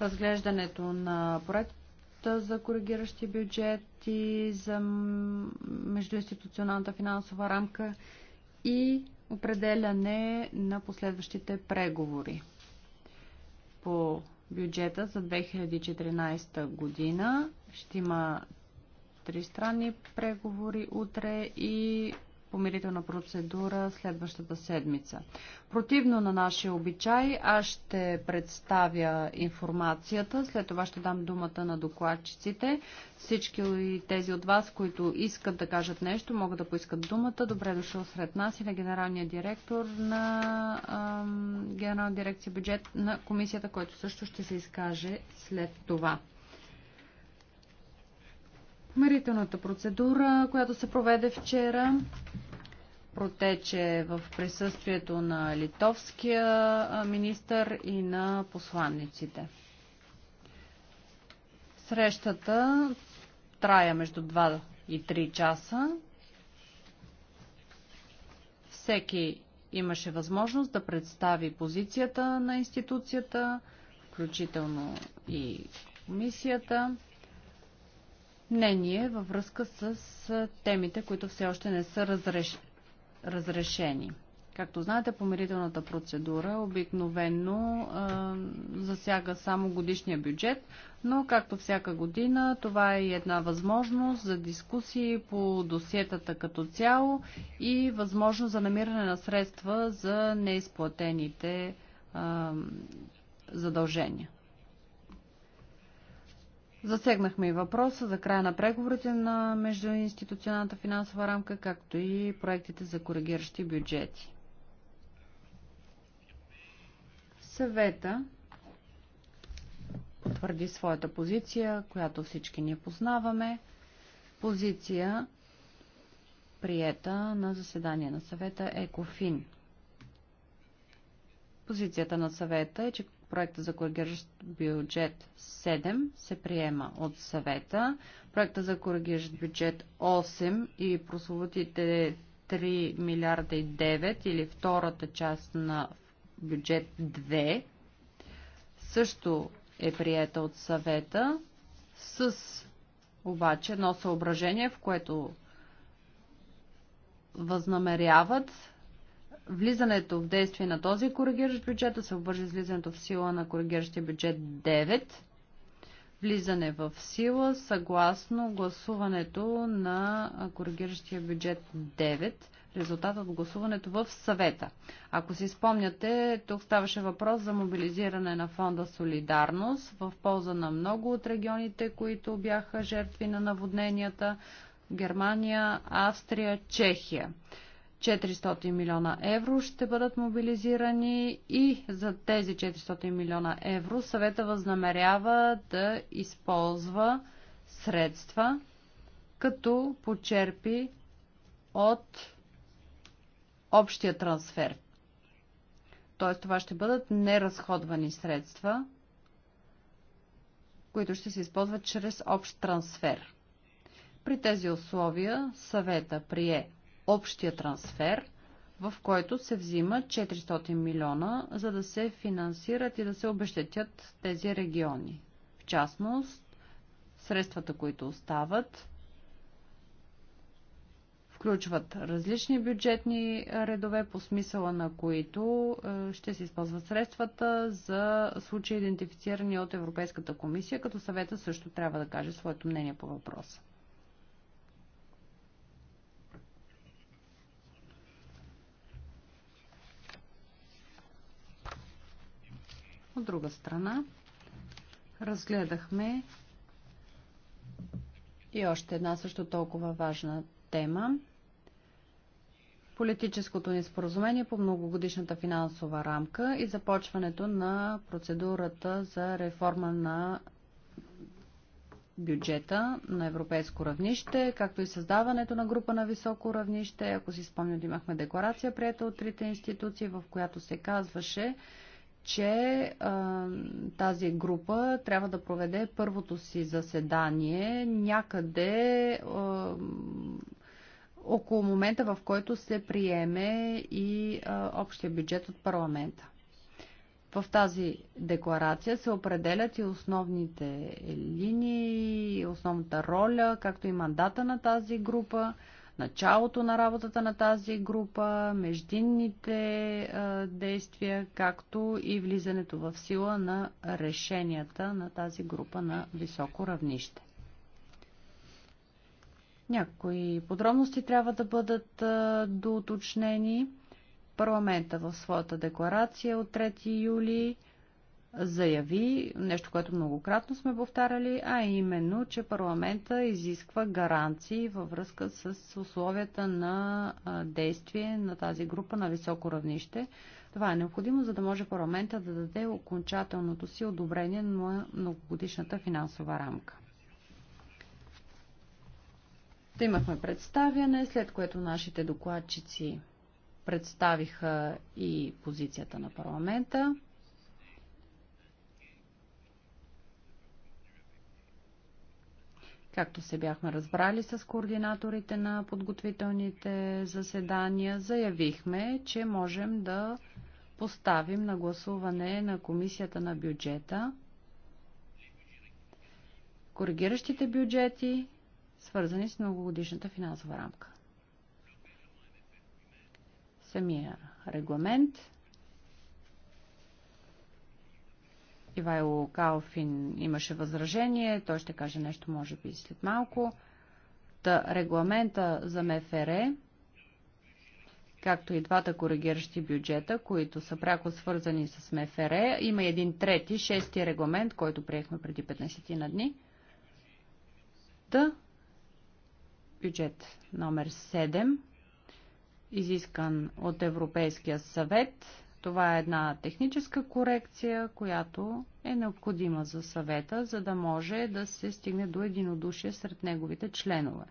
Разглеждането на проекта за коригиращи бюджети, за междуинституционалната финансова рамка и определяне на последващите преговори по бюджета за 2014 година. Ще има тристранни преговори утре и помирителна процедура следващата седмица. Противно на нашия обичай, аз ще представя информацията, след това ще дам думата на докладчиците. Всички тези от вас, които искат да кажат нещо, могат да поискат думата. Добре дошъл сред нас и на генералния директор на ам, Генерална дирекция бюджет на комисията, който също ще се изкаже след това. Марителната процедура, която се проведе вчера, протече в присъствието на литовския министър и на посланниците. Срещата трая между 2 и 3 часа. Всеки имаше възможност да представи позицията на институцията, включително и комисията, мнение във връзка с темите, които все още не са разрешени разрешени. Както знаете, помирителната процедура обикновенно а, засяга само годишния бюджет, но както всяка година, това е една възможност за дискусии по досиетата като цяло и възможност за намиране на средства за неизплатените а, задължения. Засегнахме и въпроса за края на преговорите на междуинституционалната финансова рамка, както и проектите за коригиращи бюджети. Съвета потвърди своята позиция, която всички ние познаваме. Позиция приета на заседание на съвета ЕКОФИН. Позицията на съвета е, че проекта за коригиращ бюджет 7 се приема от съвета. Проекта за коригиращ бюджет 8 и прословутите 3 милиарда и 9 или втората част на бюджет 2 също е приета от съвета с обаче едно съображение, в което възнамеряват влизането в действие на този коригиращ бюджет да се обвържи с влизането в сила на коригиращия бюджет 9 влизане в сила съгласно гласуването на коригиращия бюджет 9, резултат от гласуването в съвета. Ако си спомняте, тук ставаше въпрос за мобилизиране на фонда Солидарност в полза на много от регионите, които бяха жертви на наводненията Германия, Австрия, Чехия. 400 милиона евро ще бъдат мобилизирани и за тези 400 милиона евро съвета възнамерява да използва средства, като почерпи от общия трансфер. Т.е. това ще бъдат неразходвани средства, които ще се използват чрез общ трансфер. При тези условия съвета прие общия трансфер, в който се взима 400 милиона, за да се финансират и да се обещетят тези региони. В частност, средствата, които остават, включват различни бюджетни редове, по смисъла на които е, ще се използват средствата за случаи идентифицирани от Европейската комисия, като съвета също трябва да каже своето мнение по въпроса. От друга страна, разгледахме и още една също толкова важна тема. Политическото ни споразумение по многогодишната финансова рамка и започването на процедурата за реформа на бюджета на европейско равнище, както и създаването на група на високо равнище. Ако си спомнят, имахме декларация, прията от трите институции, в която се казваше, че а, тази група трябва да проведе първото си заседание някъде а, около момента, в който се приеме и а, общия бюджет от парламента. В тази декларация се определят и основните линии, основната роля, както и мандата на тази група началото на работата на тази група, междинните действия, както и влизането в сила на решенията на тази група на високо равнище. Някои подробности трябва да бъдат доуточнени. Парламента в своята декларация от 3 юли заяви нещо, което многократно сме повтаряли, а именно, че парламента изисква гаранции във връзка с условията на действие на тази група на високо равнище. Това е необходимо, за да може парламента да даде окончателното си одобрение на многогодишната финансова рамка. Та имахме представяне, след което нашите докладчици представиха и позицията на парламента. Както се бяхме разбрали с координаторите на подготвителните заседания, заявихме, че можем да поставим на гласуване на Комисията на бюджета коригиращите бюджети, свързани с многогодишната финансова рамка. Самия регламент Ивайло Калфин имаше възражение, той ще каже нещо, може би, след малко. Та регламента за МФР, както и двата коригиращи бюджета, които са пряко свързани с МФР, има един трети, шести регламент, който приехме преди 15 на дни. Та бюджет номер 7, изискан от Европейския съвет, това е една техническа корекция, която е необходима за съвета, за да може да се стигне до единодушие сред неговите членове.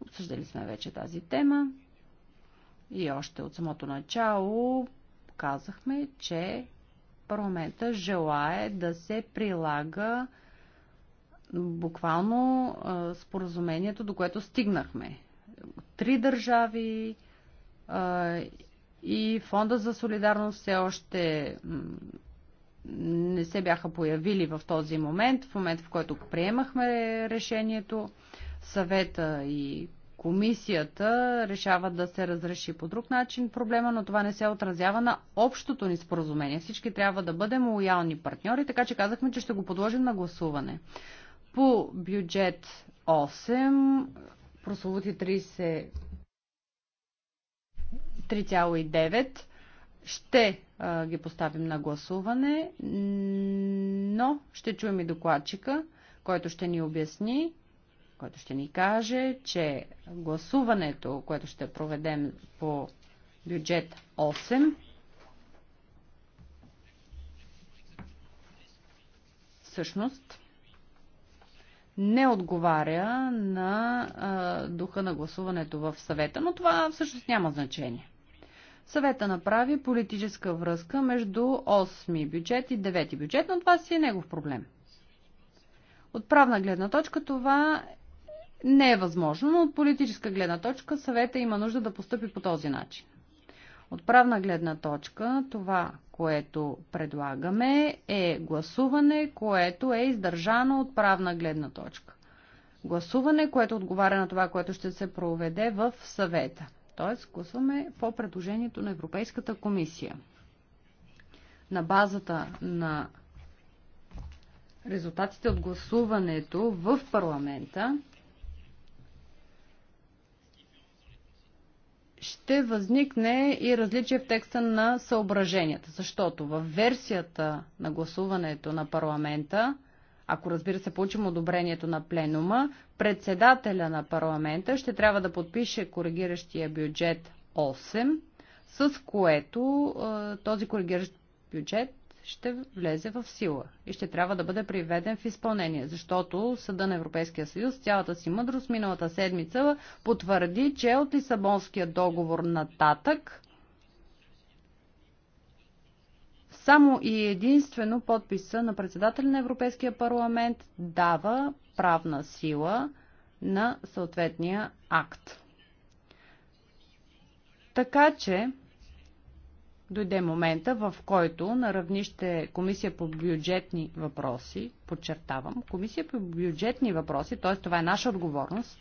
Обсъждали сме вече тази тема и още от самото начало казахме, че парламента желае да се прилага буквално споразумението, до което стигнахме. Три държави и Фонда за солидарност все още не се бяха появили в този момент, в момент в който приемахме решението, съвета и комисията решава да се разреши по друг начин проблема, но това не се отразява на общото ни споразумение. Всички трябва да бъдем лоялни партньори, така че казахме, че ще го подложим на гласуване. По бюджет 8, прословути 30 3,9 ще а, ги поставим на гласуване, но ще чуем и докладчика, който ще ни обясни, който ще ни каже, че гласуването, което ще проведем по бюджет 8, всъщност не отговаря на а, духа на гласуването в съвета, но това всъщност няма значение. Съвета направи политическа връзка между 8 бюджет и 9 ти бюджет, но това си е негов проблем. От правна гледна точка това не е възможно, но от политическа гледна точка съвета има нужда да поступи по този начин. От правна гледна точка това, което предлагаме е гласуване, което е издържано от правна гледна точка. Гласуване, което отговаря на това, което ще се проведе в съвета. Т.е. гласуваме по предложението на Европейската комисия. На базата на резултатите от гласуването в парламента ще възникне и различие в текста на съображенията, защото в версията на гласуването на парламента ако разбира се получим одобрението на пленума, председателя на парламента ще трябва да подпише коригиращия бюджет 8, с което този коригиращ бюджет ще влезе в сила и ще трябва да бъде приведен в изпълнение, защото Съда на Европейския съюз цялата си мъдрост миналата седмица потвърди, че от Лисабонския договор нататък Само и единствено подписа на председателя на Европейския парламент дава правна сила на съответния акт. Така че дойде момента, в който на равнище Комисия по бюджетни въпроси, подчертавам, Комисия по бюджетни въпроси, т.е. това е наша отговорност,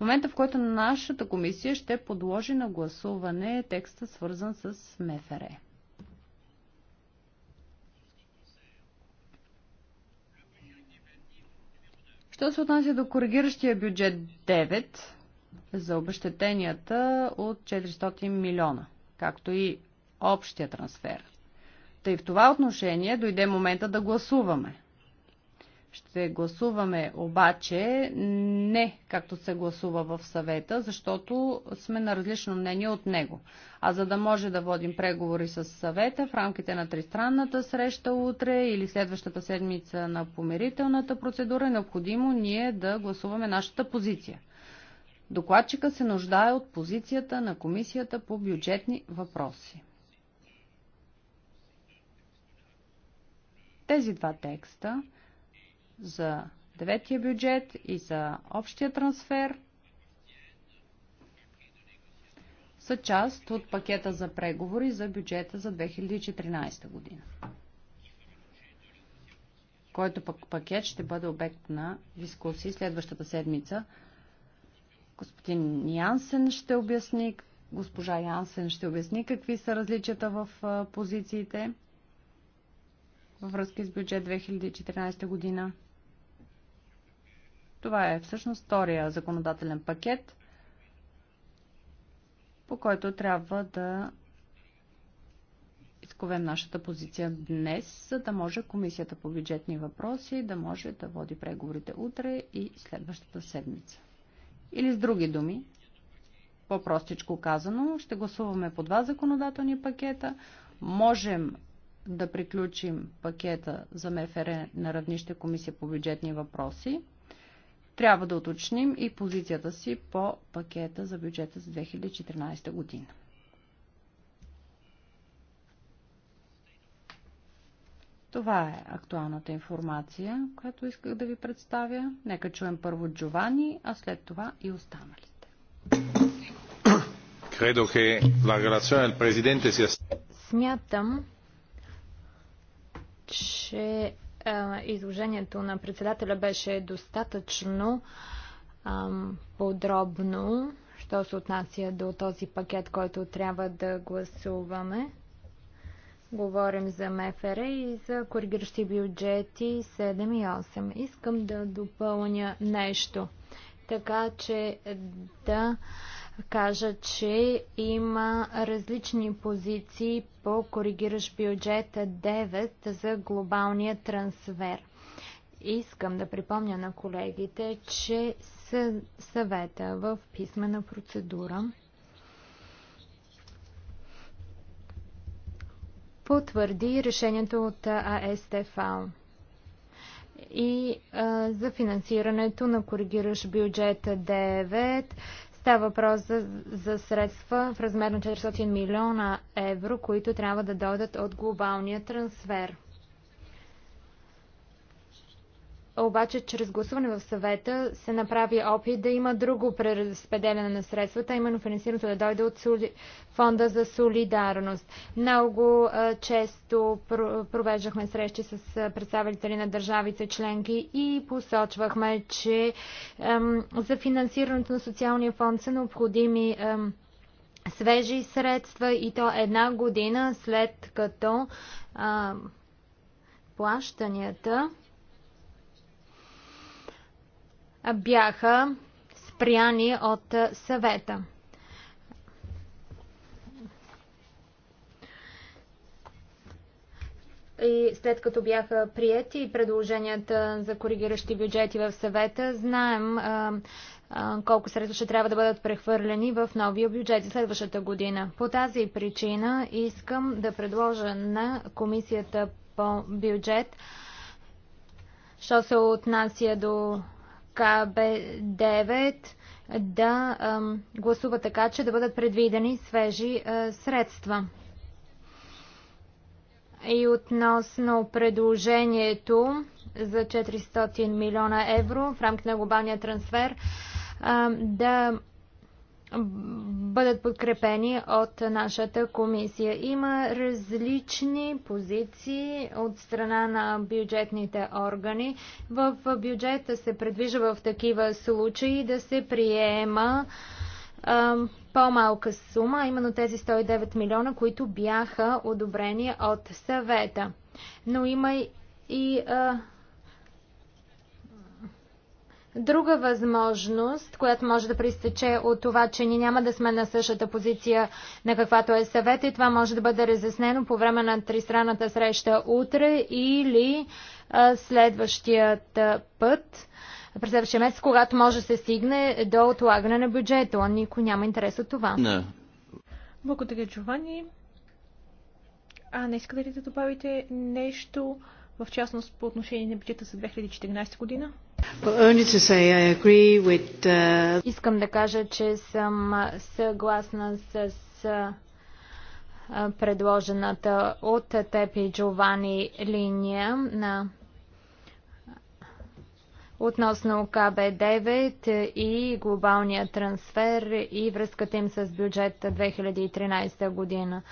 момента, в който нашата комисия ще подложи на гласуване текста свързан с МФР. Що се отнася до коригиращия бюджет 9 за обещетенията от 400 милиона, както и общия трансфер. Тъй в това отношение дойде момента да гласуваме. Ще гласуваме обаче не както се гласува в съвета, защото сме на различно мнение от него. А за да може да водим преговори с съвета в рамките на тристранната среща утре или следващата седмица на помирителната процедура, е необходимо ние да гласуваме нашата позиция. Докладчика се нуждае от позицията на Комисията по бюджетни въпроси. Тези два текста за деветия бюджет и за общия трансфер са част от пакета за преговори за бюджета за 2014 година, който пък пакет ще бъде обект на дискусии следващата седмица. Господин Янсен ще обясни, госпожа Янсен ще обясни какви са различията в позициите във връзка с бюджет 2014 година. Това е всъщност втория законодателен пакет, по който трябва да изковем нашата позиция днес, за да може Комисията по бюджетни въпроси да може да води преговорите утре и следващата седмица. Или с други думи, по-простичко казано, ще гласуваме по два законодателни пакета. Можем да приключим пакета за МФР на равнище Комисия по бюджетни въпроси, трябва да уточним и позицията си по пакета за бюджета за 2014 година. Това е актуалната информация, която исках да ви представя. Нека чуем първо Джовани, а след това и останалите. Смятам, че е, изложението на председателя беше достатъчно подробно, що се отнася до този пакет, който трябва да гласуваме. Говорим за МФР и за коригиращи бюджети 7 и 8. Искам да допълня нещо, така че да кажа, че има различни позиции по коригиращ бюджет 9 за глобалния трансфер. Искам да припомня на колегите, че съвета в писмена процедура потвърди решението от АСТФАО и а, за финансирането на коригиращ бюджет 9 Става въпрос за, за средства в размер на 400 милиона евро, които трябва да дойдат от глобалния трансфер. обаче чрез гласуване в съвета се направи опит да има друго преразпределяне на средствата, именно финансирането да дойде от соли... фонда за солидарност. Много често провеждахме срещи с представители на държавите членки и посочвахме, че ам, за финансирането на социалния фонд са необходими ам, свежи средства и то една година след като ам, плащанията бяха спряни от съвета. И след като бяха прияти предложенията за коригиращи бюджети в съвета, знаем а, а, колко средства ще трябва да бъдат прехвърлени в новия бюджет за следващата година. По тази причина искам да предложа на комисията по бюджет, що се отнася до КБ-9 да гласува така, че да бъдат предвидени свежи средства. И относно предложението за 400 милиона евро в рамките на глобалния трансфер да бъдат подкрепени от нашата комисия. Има различни позиции от страна на бюджетните органи. В бюджета се предвижда в такива случаи да се приема по-малка сума, именно тези 109 милиона, които бяха одобрени от съвета. Но има и а, Друга възможност, която може да пристече от това, че ни няма да сме на същата позиция на каквато е съвет и това може да бъде разяснено по време на тристранната среща утре или а, следващият път, през следващия месец, когато може да се стигне до отлагане на бюджета. Никой няма интерес от това. Не. Благодаря, Джовани. А, не искате ли да добавите нещо, в частност по отношение на бюджета за 2014 година? Uh, Искам да кажа, че съм съгласна с предложената от Тепи Джовани линия на относно КБ-9 и глобалния трансфер и връзката им с бюджет 2013 година.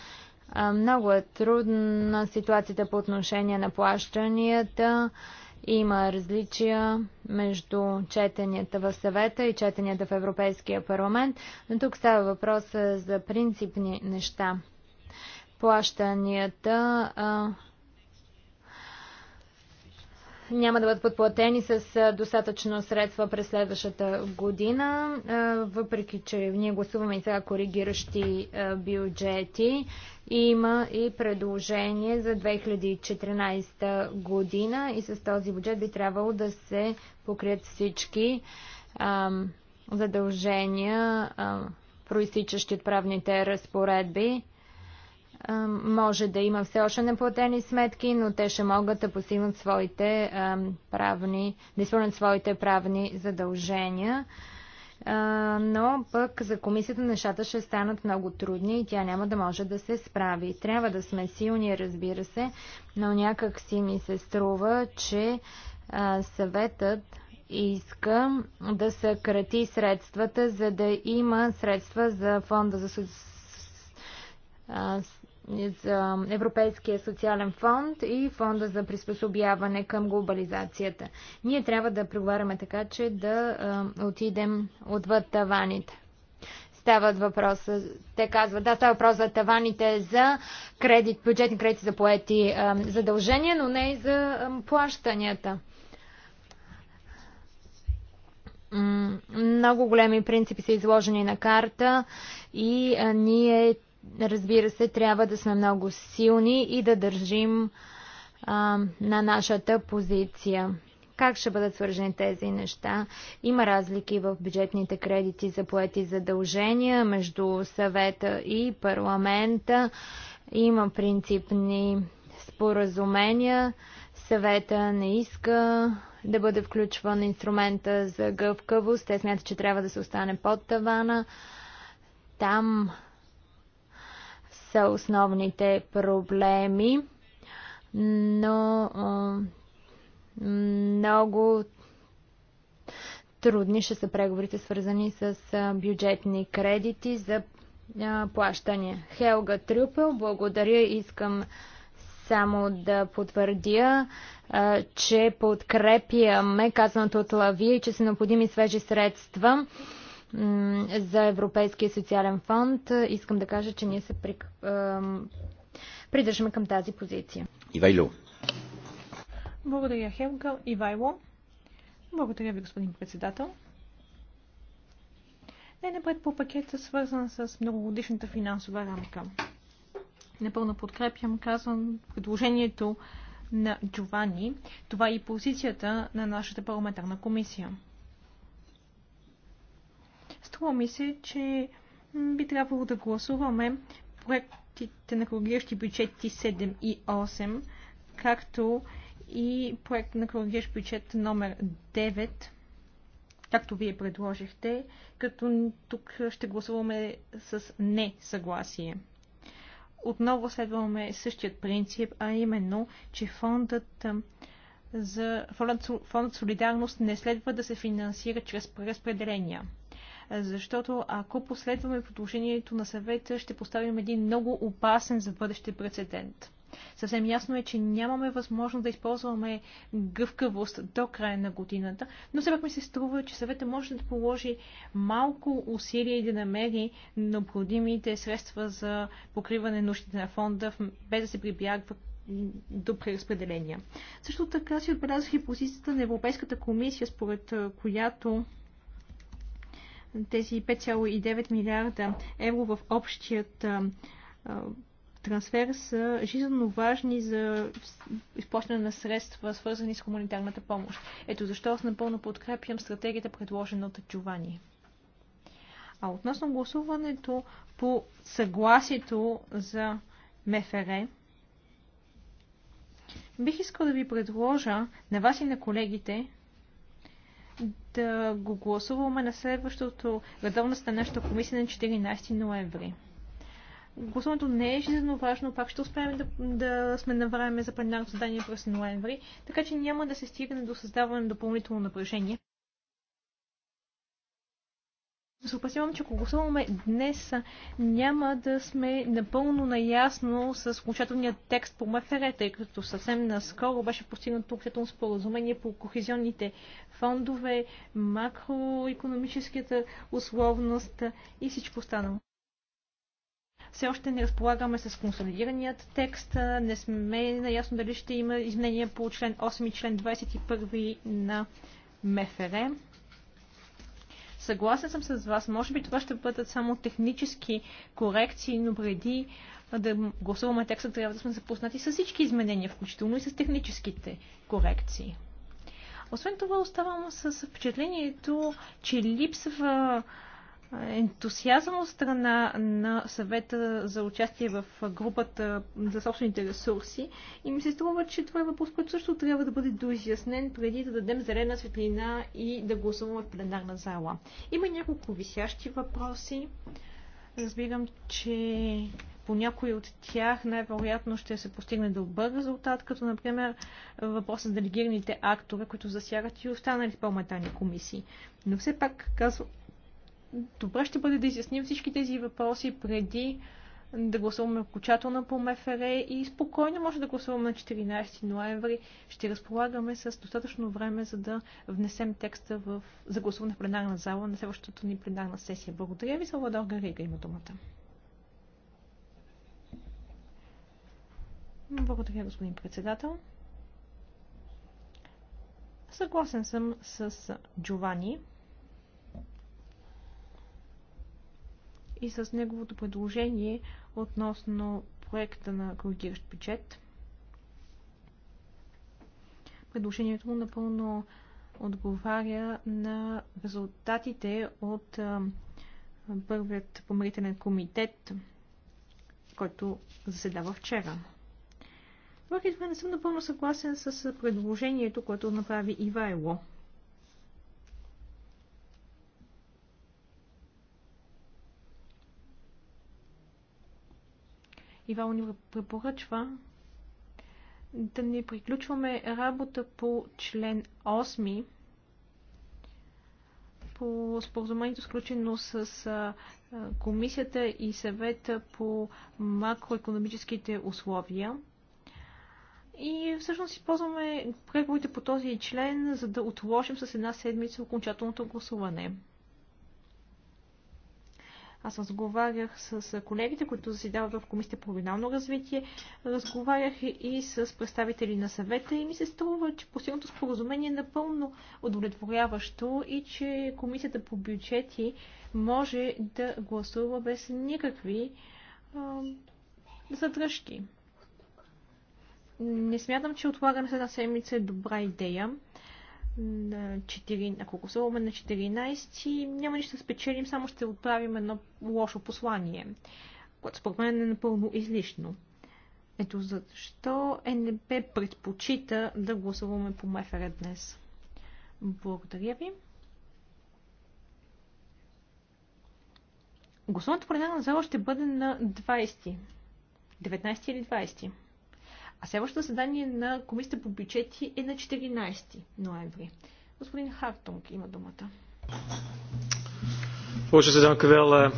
Много е трудна ситуацията по отношение на плащанията. Има различия между четенията в съвета и четенията в Европейския парламент, но тук става въпрос за принципни неща. Плащанията а, няма да бъдат подплатени с достатъчно средства през следващата година, въпреки че ние гласуваме и сега коригиращи бюджети. Има и предложение за 2014 година и с този бюджет би трябвало да се покрият всички ам, задължения, ам, проистичащи от правните разпоредби. може да има все още неплатени сметки, но те ще могат да постигнат своите правни, да изпълнят своите правни задължения но пък за комисията нещата ще станат много трудни и тя няма да може да се справи. Трябва да сме силни, разбира се, но някак си ми се струва, че съветът иска да съкрати средствата, за да има средства за фонда за за Европейския социален фонд и фонда за приспособяване към глобализацията. Ние трябва да преговаряме така, че да отидем отвъд таваните. Стават въпроса, те казват, да, става въпрос за таваните за кредит, бюджетни кредити за поети задължения, но не и за плащанията много големи принципи са изложени на карта и ние разбира се, трябва да сме много силни и да държим а, на нашата позиция. Как ще бъдат свържени тези неща? Има разлики в бюджетните кредити за поети задължения между съвета и парламента. Има принципни споразумения. Съвета не иска да бъде включван инструмента за гъвкавост. Те смятат, че трябва да се остане под тавана. Там са основните проблеми, но много трудни ще са преговорите, свързани с бюджетни кредити за плащания. Хелга Трюпел, благодаря. Искам само да потвърдя, че подкрепяме казаното от Лавия и че са необходими свежи средства за Европейския социален фонд. Искам да кажа, че ние се при... придържаме към тази позиция. Ивайло. Благодаря, Хелга. Ивайло. Благодаря ви, господин председател. Е напред по пакета, свързан с многогодишната финансова рамка. Напълно подкрепям, казвам, предложението на Джовани. Това е и позицията на нашата парламентарна комисия. Струва ми се, че би трябвало да гласуваме проектите на коригиращи бюджети 7 и 8, както и проект на коригиращ бюджет номер 9, както вие предложихте, като тук ще гласуваме с несъгласие. Отново следваме същият принцип, а именно, че фондът за фондът, фондът солидарност не следва да се финансира чрез преразпределения защото ако последваме предложението на съвета, ще поставим един много опасен за бъдеще прецедент. Съвсем ясно е, че нямаме възможност да използваме гъвкавост до края на годината, но все пак ми се струва, че съвета може да положи малко усилия и да намери необходимите средства за покриване нуждите на фонда, без да се прибягва до преразпределения. Също така си отбелязах и позицията на Европейската комисия, според която тези 5,9 милиарда евро в общият а, а, трансфер са жизненно важни за изплащане на средства, свързани с хуманитарната помощ. Ето защо аз напълно подкрепям стратегията, предложена от Джовани. А относно гласуването по съгласието за МФР, бих искал да ви предложа на вас и на колегите да го гласуваме на следващото редовно становище комисия на 14 ноември. Гласуването не е жизненно важно, пак ще успеем да, да сме на време за пленарното задание през ноември, така че няма да се стигне до създаване на допълнително напрежение се опасявам, че ако гласуваме днес, няма да сме напълно наясно с окончателния текст по МФР, тъй като съвсем наскоро беше постигнато окончателно споразумение по кохезионните фондове, макроекономическата условност и всичко останало. Все още не разполагаме с консолидираният текст, не сме наясно дали ще има изменения по член 8 и член 21 на МФР. Съгласен съм с вас. Може би това ще бъдат само технически корекции, но преди да гласуваме текста, трябва да сме запознати с всички изменения, включително и с техническите корекции. Освен това, оставам с впечатлението, че липсва ентусиазъм от страна на съвета за участие в групата за собствените ресурси и ми се струва, че това е въпрос, който също трябва да бъде доизяснен преди да дадем зелена светлина и да гласуваме в пленарна зала. Има няколко висящи въпроси. Разбирам, че по някои от тях най-вероятно ще се постигне добър резултат, като например въпросът за делегираните актове, които засягат и останали парламентарни комисии. Но все пак казвам, добре ще бъде да изясним всички тези въпроси преди да гласуваме окончателно по МФР и спокойно може да гласуваме на 14 ноември. Ще разполагаме с достатъчно време, за да внесем текста в, за гласуване в пленарна зала на следващата ни пленарна сесия. Благодаря ви, Салвадор Гарига има думата. Благодаря, господин председател. Съгласен съм с Джовани. и с неговото предложение относно проекта на коригиращ бюджет. Предложението му напълно отговаря на резултатите от първият помирителен комитет, който заседава вчера. Върхи това не съм напълно съгласен с предложението, което направи Ивайло. Ивал ни препоръчва да не приключваме работа по член 8 по споразумението сключено с комисията и съвета по макроекономическите условия. И всъщност използваме преговорите по този член, за да отложим с една седмица окончателното гласуване. Аз разговарях с колегите, които заседават в Комисията по регионално развитие, разговарях и с представители на съвета и ми се струва, че постигнато споразумение е напълно удовлетворяващо и че Комисията по бюджети може да гласува без никакви а, задръжки. Не смятам, че отлагане на седмица е добра идея на 4, ако гласуваме на 14, няма нищо да спечелим, само ще отправим едно лошо послание, което според мен е напълно излишно. Ето защо НБ предпочита да гласуваме по МФР днес. Благодаря ви. Гласуването по пленарна зала ще бъде на 20. 19 или 20. А следващото заседание на Комисията по бюджети е на 14 ноември. Господин Хартунг има думата. Voorzitter, dank u wel. Eh,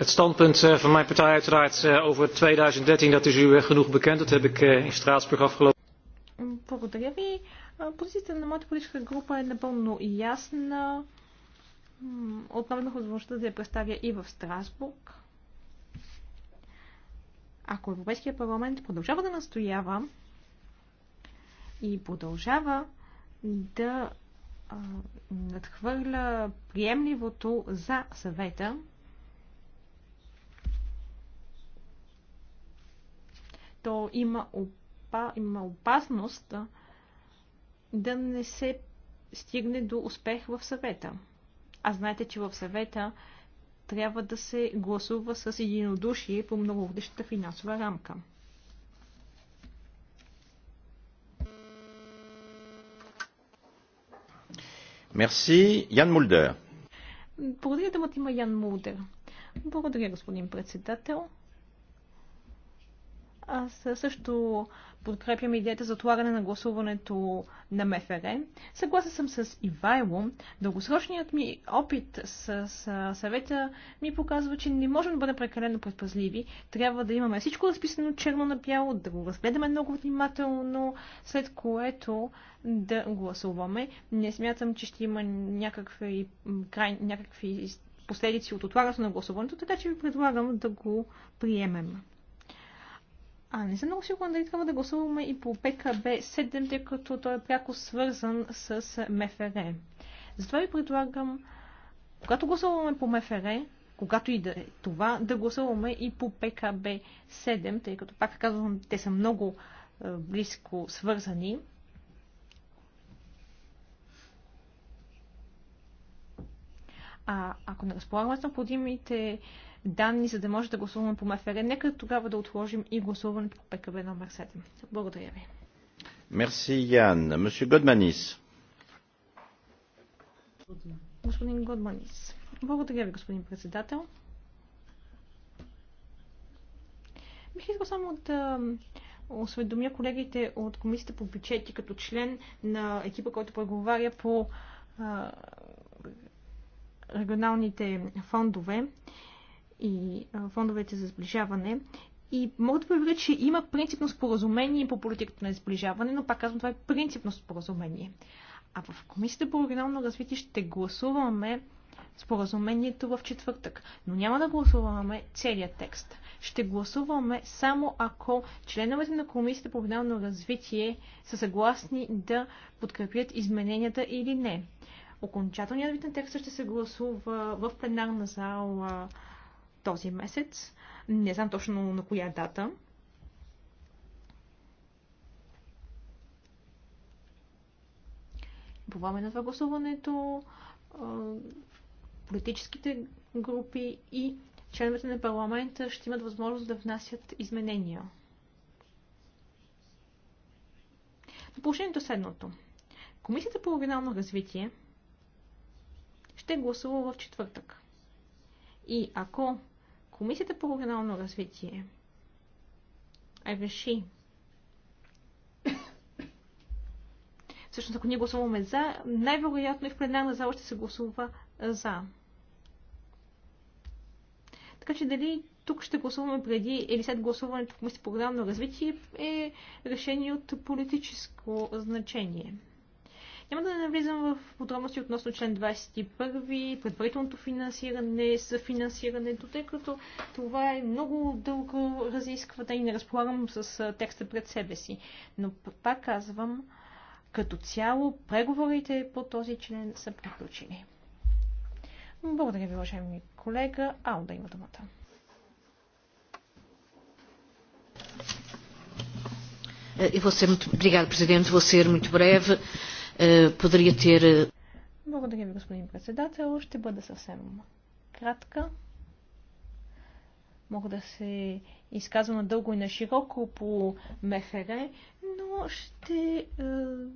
het standpunt eh, van mijn partij uiteraard eh, over 2013, dat is u genoeg bekend. Dat heb ik in Straatsburg afgelopen. Благодаря ви. Позицията на моята политическа група е напълно ясна. Отново имах възможността да я представя и в Страсбург. Ако Европейския парламент продължава да настоява и продължава да а, надхвърля приемливото за съвета, то има, опа, има опасност да не се стигне до успех в съвета. А знаете, че в съвета трябва да се гласува с единодушие по многогодишната финансова рамка. Мерси, Ян Мулдер. Благодаря да има Ян Мулдер. Благодаря, господин председател. Аз също подкрепям идеята за отлагане на гласуването на МФР. Съгласен съм с Ивайло. Дългосрочният ми опит с, с съвета ми показва, че не можем да бъдем прекалено предпазливи. Трябва да имаме всичко разписано черно на бяло, да го разгледаме много внимателно, след което да гласуваме. Не смятам, че ще има някакви, край, някакви последици от отлагането на гласуването, така че ви предлагам да го приемем. А, не съм много сигурна дали трябва да гласуваме и по ПКБ-7, тъй като той е пряко свързан с МФР. Затова ви предлагам, когато гласуваме по МФР, когато и да е това, да гласуваме и по ПКБ-7, тъй като, пак казвам, те са много е, близко свързани. А ако не разполагаме с необходимите данни, за да може да гласуваме по МФР, нека тогава да отложим и гласуването по ПКБ номер 7. Благодаря ви. Мерси, Ян. Мсю Годманис. Господин Годманис. Благодаря ви, господин председател. Бих искал само да осведомя колегите от Комисията по бюджети като член на екипа, който преговаря по а, регионалните фондове и фондовете за сближаване. И мога да проверя, че има принципно споразумение по политиката на сближаване, но пак казвам, това е принципно споразумение. А в Комисията по регионално развитие ще гласуваме споразумението в четвъртък. Но няма да гласуваме целият текст. Ще гласуваме само ако членовете на Комисията по регионално развитие са съгласни да подкрепят измененията или не. Окончателният вид на текста ще се гласува в пленарна зала този месец. Не знам точно на коя дата. По време на това гласуването политическите групи и членовете на парламента ще имат възможност да внасят изменения. Но положението е следното. Комисията по регионално развитие ще гласува в четвъртък. И ако Комисията по регионално развитие. реши. Всъщност, ако ние гласуваме за, най-вероятно и в пленарна зала ще се гласува за. Така че дали тук ще гласуваме преди или след гласуването в Комисията по програмно развитие е решение от политическо значение. Няма да навлизам в подробности относно член 21, предварителното финансиране, съфинансирането, тъй като това е много дълго разискване да и не разполагам с текста пред себе си. Но пак казвам, като цяло преговорите по този член са приключени. Благодаря ви, уважаеми колега. Ао, да има думата. Eu vou ser muito. Obrigada, Presidente. Vou ser muito breve poderia е, ter. Благодаря ви, господин председател. Ще бъда съвсем кратка. Мога да се изказвам дълго и на широко по МФР, но ще е,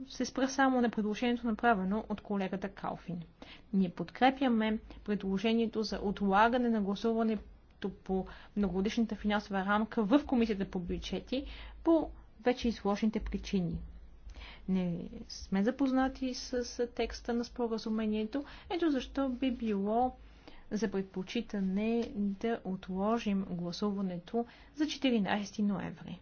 се спра само на предложението направено от колегата Калфин. Ние подкрепяме предложението за отлагане на гласуването по многодишната финансова рамка в Комисията по бюджети по вече изложените причини не сме запознати с текста на споразумението. Ето защо би било за предпочитане да отложим гласуването за 14 ноември.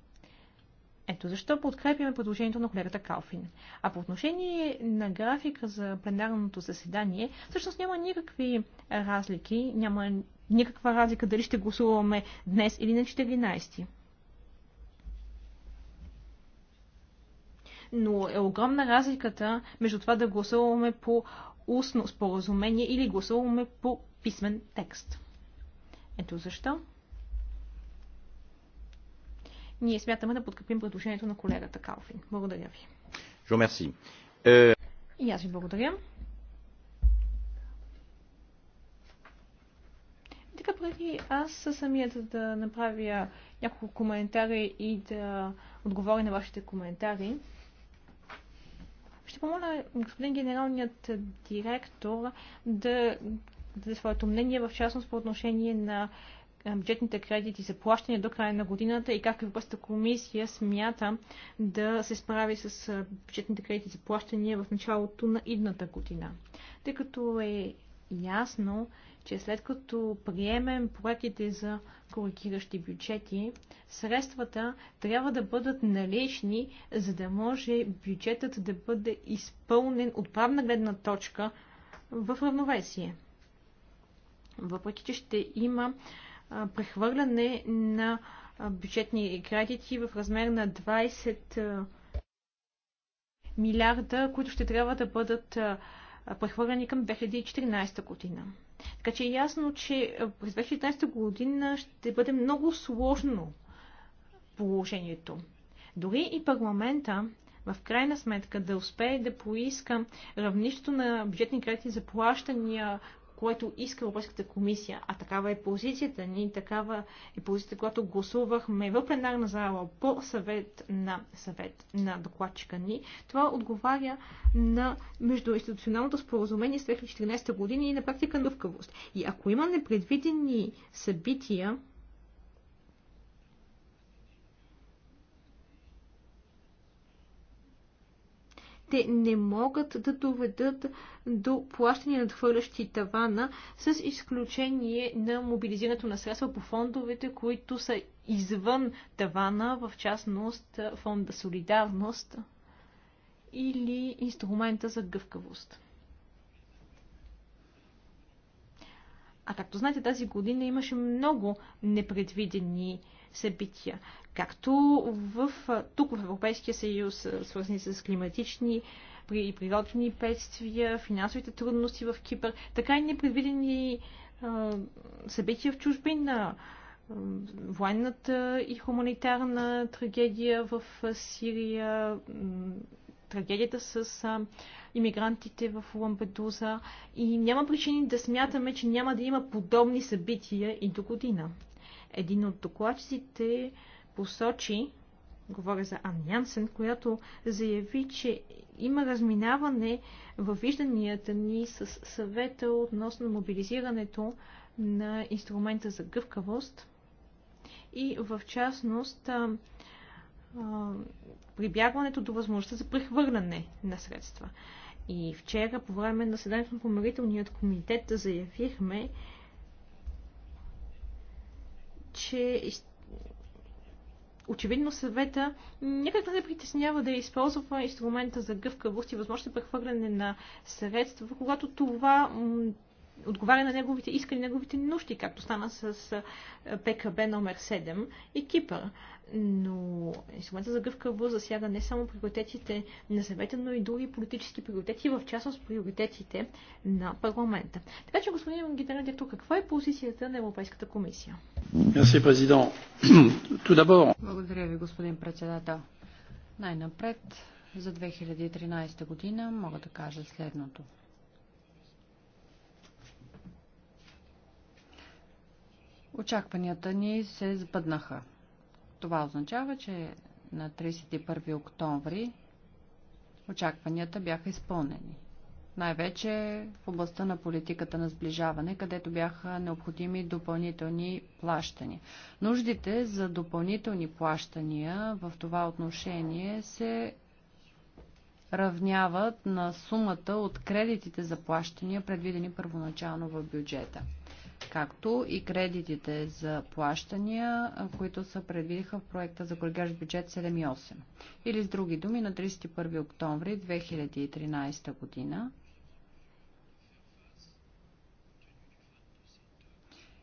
Ето защо подкрепяме предложението на колегата Калфин. А по отношение на графика за пленарното заседание, всъщност няма никакви разлики, няма никаква разлика дали ще гласуваме днес или на 14. но е огромна разликата между това да гласуваме по устно споразумение или гласуваме по писмен текст. Ето защо. Ние смятаме да подкрепим предложението на колегата Калфин. Благодаря ви. Jo, merci. И аз ви благодаря. Така преди аз самият да направя няколко коментари и да отговоря на вашите коментари. Ще помоля господин генералният директор да даде своето мнение, в частност по отношение на бюджетните кредити за плащане до края на годината и как Европейската комисия смята да се справи с бюджетните кредити за плащания в началото на идната година. Тъй като е ясно, че след като приемем проектите за коригиращи бюджети, средствата трябва да бъдат налични, за да може бюджетът да бъде изпълнен от правна гледна точка в равновесие. Въпреки, че ще има прехвърляне на бюджетни кредити в размер на 20 милиарда, които ще трябва да бъдат прехвърляни към 2014 година. Така че е ясно, че през 2016 година ще бъде много сложно положението. Дори и парламента в крайна сметка да успее да поиска равнището на бюджетни кредити за плащания което иска Европейската комисия. А такава е позицията ни, такава е позицията, която гласувахме в пленарна зала по съвет на съвет на докладчика ни. Това отговаря на междуинституционалното споразумение с 2014 година и на практика гъвкавост. И ако има непредвидени събития, те не могат да доведат до плащане на хвърлящи тавана, с изключение на мобилизирането на средства по фондовете, които са извън тавана, в частност фонда Солидарност или инструмента за гъвкавост. А както знаете, тази година имаше много непредвидени събития, както в, тук в Европейския съюз, свързани с климатични и природни бедствия, финансовите трудности в Кипър, така и непредвидени а, събития в чужбина, военната и хуманитарна трагедия в Сирия, трагедията с а, иммигрантите в Ламбедуза и няма причини да смятаме, че няма да има подобни събития и до година. Един от докладчиците посочи, говоря за Ан Янсен, която заяви, че има разминаване във вижданията ни с съвета относно мобилизирането на инструмента за гъвкавост и в частност прибягването до възможността за прехвърляне на средства. И вчера по време на седането на помирителният комитет заявихме, че очевидно съвета никак не притеснява да използва инструмента за гъвкавост и възможност за прехвърляне на средства, когато това отговаря на неговите искани, неговите нужди, както стана с ПКБ номер 7 и Кипър. Но инструмента за гъвкаво засяга не само приоритетите на съвета, но и други политически приоритети, в частност приоритетите на парламента. Така че, господин генерал директор, каква е позицията на Европейската комисия? Благодаря ви, господин председател. Най-напред за 2013 година мога да кажа следното. Очакванията ни се сбъднаха. Това означава, че на 31 октомври очакванията бяха изпълнени. Най-вече в областта на политиката на сближаване, където бяха необходими допълнителни плащания. Нуждите за допълнителни плащания в това отношение се равняват на сумата от кредитите за плащания, предвидени първоначално в бюджета както и кредитите за плащания, които се предвидиха в проекта за коригиращ бюджет 7 и 8. Или с други думи, на 31 октомври 2013 година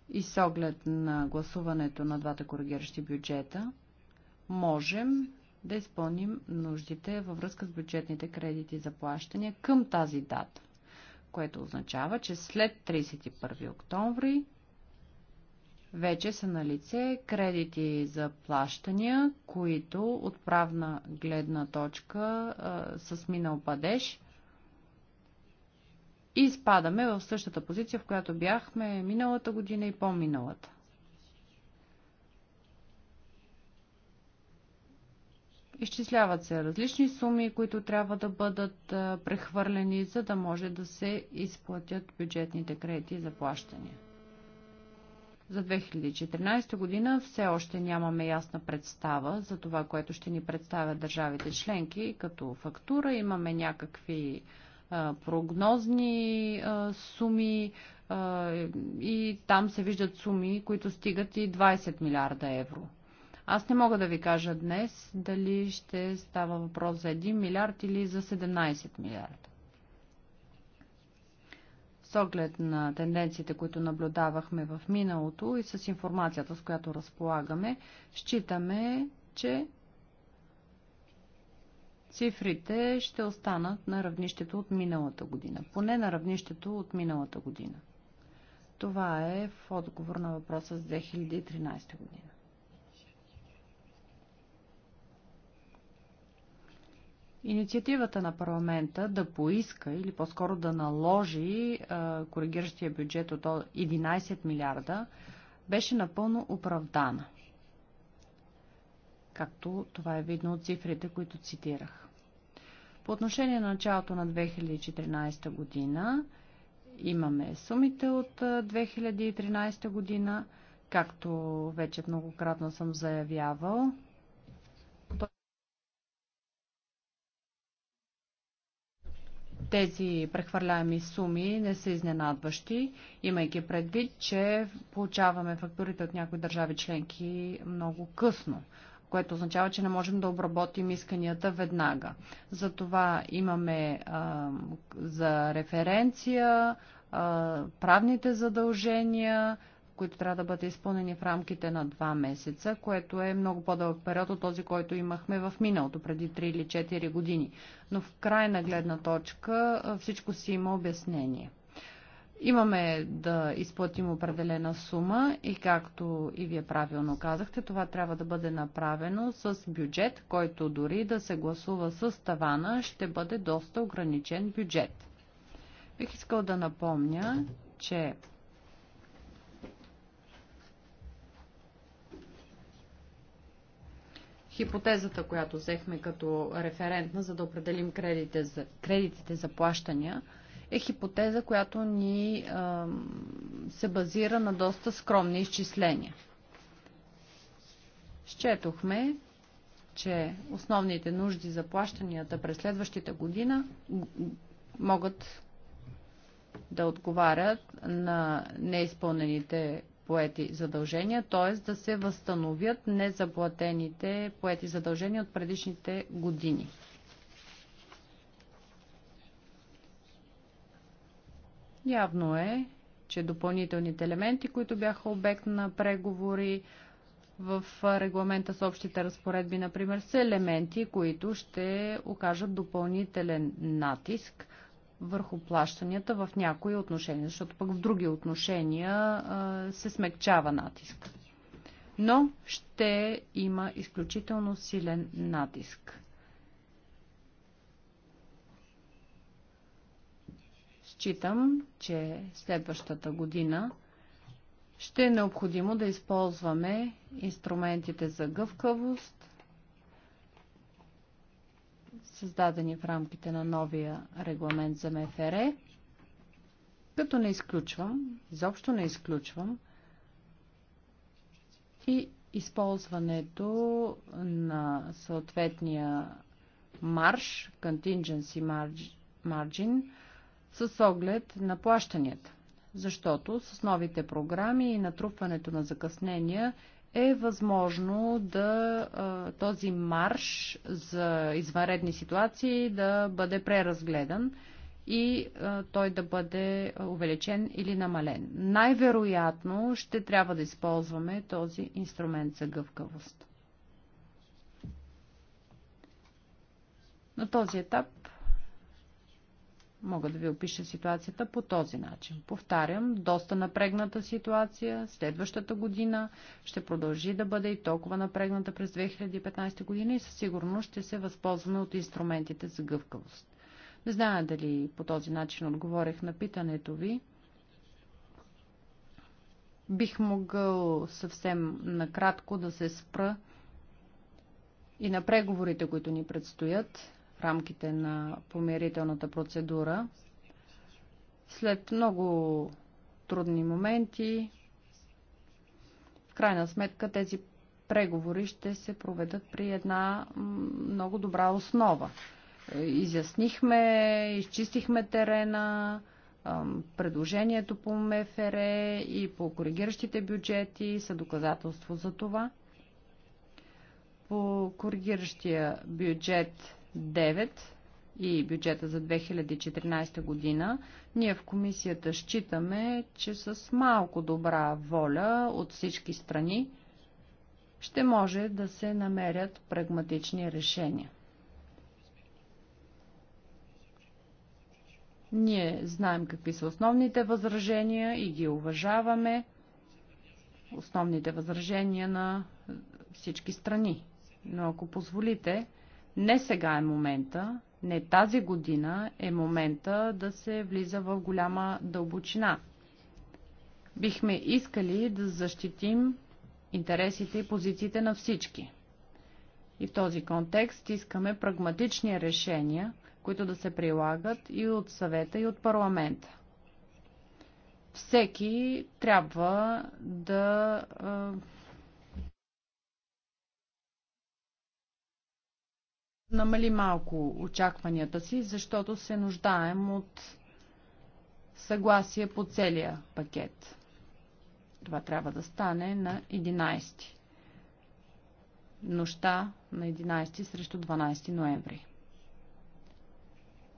и с оглед на гласуването на двата коригиращи бюджета, можем да изпълним нуждите във връзка с бюджетните кредити за плащания към тази дата което означава, че след 31 октомври вече са на лице кредити за плащания, които от правна гледна точка а, с минал падеж и изпадаме в същата позиция, в която бяхме миналата година и по-миналата. Изчисляват се различни суми, които трябва да бъдат прехвърлени, за да може да се изплатят бюджетните кредити за плащания. За 2014 година все още нямаме ясна представа за това, което ще ни представят държавите членки като фактура. Имаме някакви а, прогнозни а, суми а, и там се виждат суми, които стигат и 20 милиарда евро. Аз не мога да ви кажа днес дали ще става въпрос за 1 милиард или за 17 милиарда. С оглед на тенденциите, които наблюдавахме в миналото и с информацията, с която разполагаме, считаме, че цифрите ще останат на равнището от миналата година. Поне на равнището от миналата година. Това е в отговор на въпроса с 2013 година. Инициативата на парламента да поиска или по-скоро да наложи е, коригиращия бюджет от 11 милиарда беше напълно оправдана. Както това е видно от цифрите, които цитирах. По отношение на началото на 2014 година имаме сумите от 2013 е, година, както вече многократно съм заявявал, Тези прехвърляеми суми не са изненадващи, имайки предвид, че получаваме фактурите от някои държави членки много късно което означава, че не можем да обработим исканията веднага. Затова имаме а, за референция а, правните задължения, които трябва да бъдат изпълнени в рамките на 2 месеца, което е много по-дълъг период от този, който имахме в миналото, преди 3 или 4 години. Но в крайна гледна точка всичко си има обяснение. Имаме да изплатим определена сума и както и вие правилно казахте, това трябва да бъде направено с бюджет, който дори да се гласува с тавана, ще бъде доста ограничен бюджет. Бих искал да напомня, че хипотезата, която взехме като референтна, за да определим кредитите за, кредитите за плащания, е хипотеза, която ни а, се базира на доста скромни изчисления. Счетохме, че основните нужди за плащанията през следващите година могат да отговарят на неизпълнените поети задължения, т.е. да се възстановят незаплатените поети задължения от предишните години. Явно е, че допълнителните елементи, които бяха обект на преговори в регламента с общите разпоредби, например, са елементи, които ще окажат допълнителен натиск – върху плащанията в някои отношения, защото пък в други отношения се смекчава натиск. Но ще има изключително силен натиск. Считам, че следващата година ще е необходимо да използваме инструментите за гъвкавост създадени в рамките на новия регламент за МФР, като не изключвам, изобщо не изключвам и използването на съответния марш, contingency margin, с оглед на плащанията. Защото с новите програми и натрупването на закъснения е възможно да този марш за извънредни ситуации да бъде преразгледан и той да бъде увеличен или намален. Най-вероятно ще трябва да използваме този инструмент за гъвкавост. На този етап Мога да ви опиша ситуацията по този начин. Повтарям, доста напрегната ситуация. Следващата година ще продължи да бъде и толкова напрегната през 2015 година и със сигурност ще се възползваме от инструментите за гъвкавост. Не зная дали по този начин отговорих на питането ви. Бих могъл съвсем накратко да се спра и на преговорите, които ни предстоят в рамките на помирителната процедура. След много трудни моменти, в крайна сметка тези преговори ще се проведат при една много добра основа. Изяснихме, изчистихме терена, предложението по МФР и по коригиращите бюджети са доказателство за това. По коригиращия бюджет 9 и бюджета за 2014 година, ние в комисията считаме, че с малко добра воля от всички страни ще може да се намерят прагматични решения. Ние знаем какви са основните възражения и ги уважаваме. Основните възражения на всички страни. Но ако позволите, не сега е момента, не тази година е момента да се влиза в голяма дълбочина. Бихме искали да защитим интересите и позициите на всички. И в този контекст искаме прагматични решения, които да се прилагат и от съвета, и от парламента. Всеки трябва да намали малко очакванията си, защото се нуждаем от съгласие по целия пакет. Това трябва да стане на 11. Нощта на 11 срещу 12 ноември.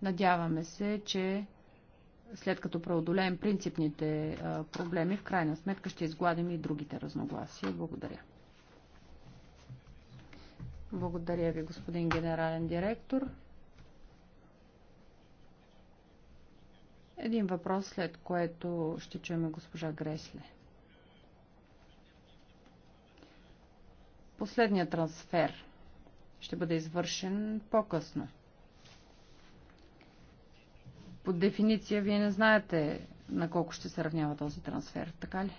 Надяваме се, че след като преодолеем принципните проблеми, в крайна сметка ще изгладим и другите разногласия. Благодаря. Благодаря ви, господин генерален директор. Един въпрос, след което ще чуем госпожа Гресле. Последният трансфер ще бъде извършен по-късно. По дефиниция вие не знаете на колко ще се равнява този трансфер, така ли?